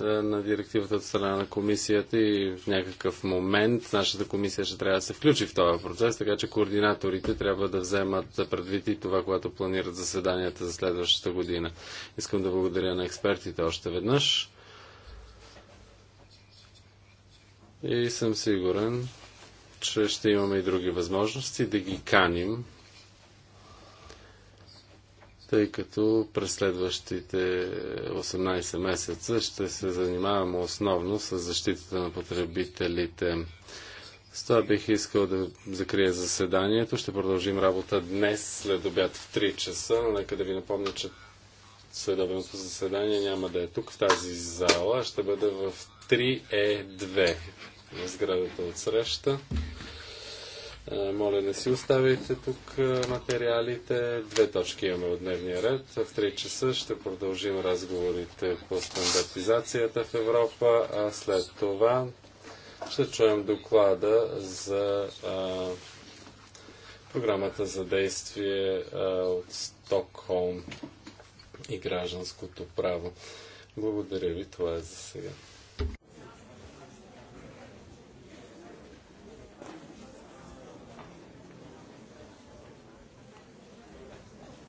на директивата от страна на комисията и в някакъв момент нашата комисия ще трябва да се включи в този процес, така че координаторите трябва да вземат предвид и това, което планират заседанията за следващата година. Искам да благодаря на експертите още веднъж. И съм сигурен, че ще имаме и други възможности да ги каним, тъй като през следващите 18 месеца ще се занимаваме основно с защитата на потребителите. С това бих искал да закрия заседанието. Ще продължим работа днес след обяд в 3 часа. но Нека да ви напомня, че следобедното заседание няма да е тук в тази зала, ще бъде в 3E2 е на сградата от среща. Е, моля, не си оставяйте тук е, материалите. Две точки имаме от дневния ред. В 3 часа ще продължим разговорите по стандартизацията в Европа, а след това ще чуем доклада за а, е, програмата за действие а, от Стокхолм и гражданското право. Благодаря ви, това е за сега.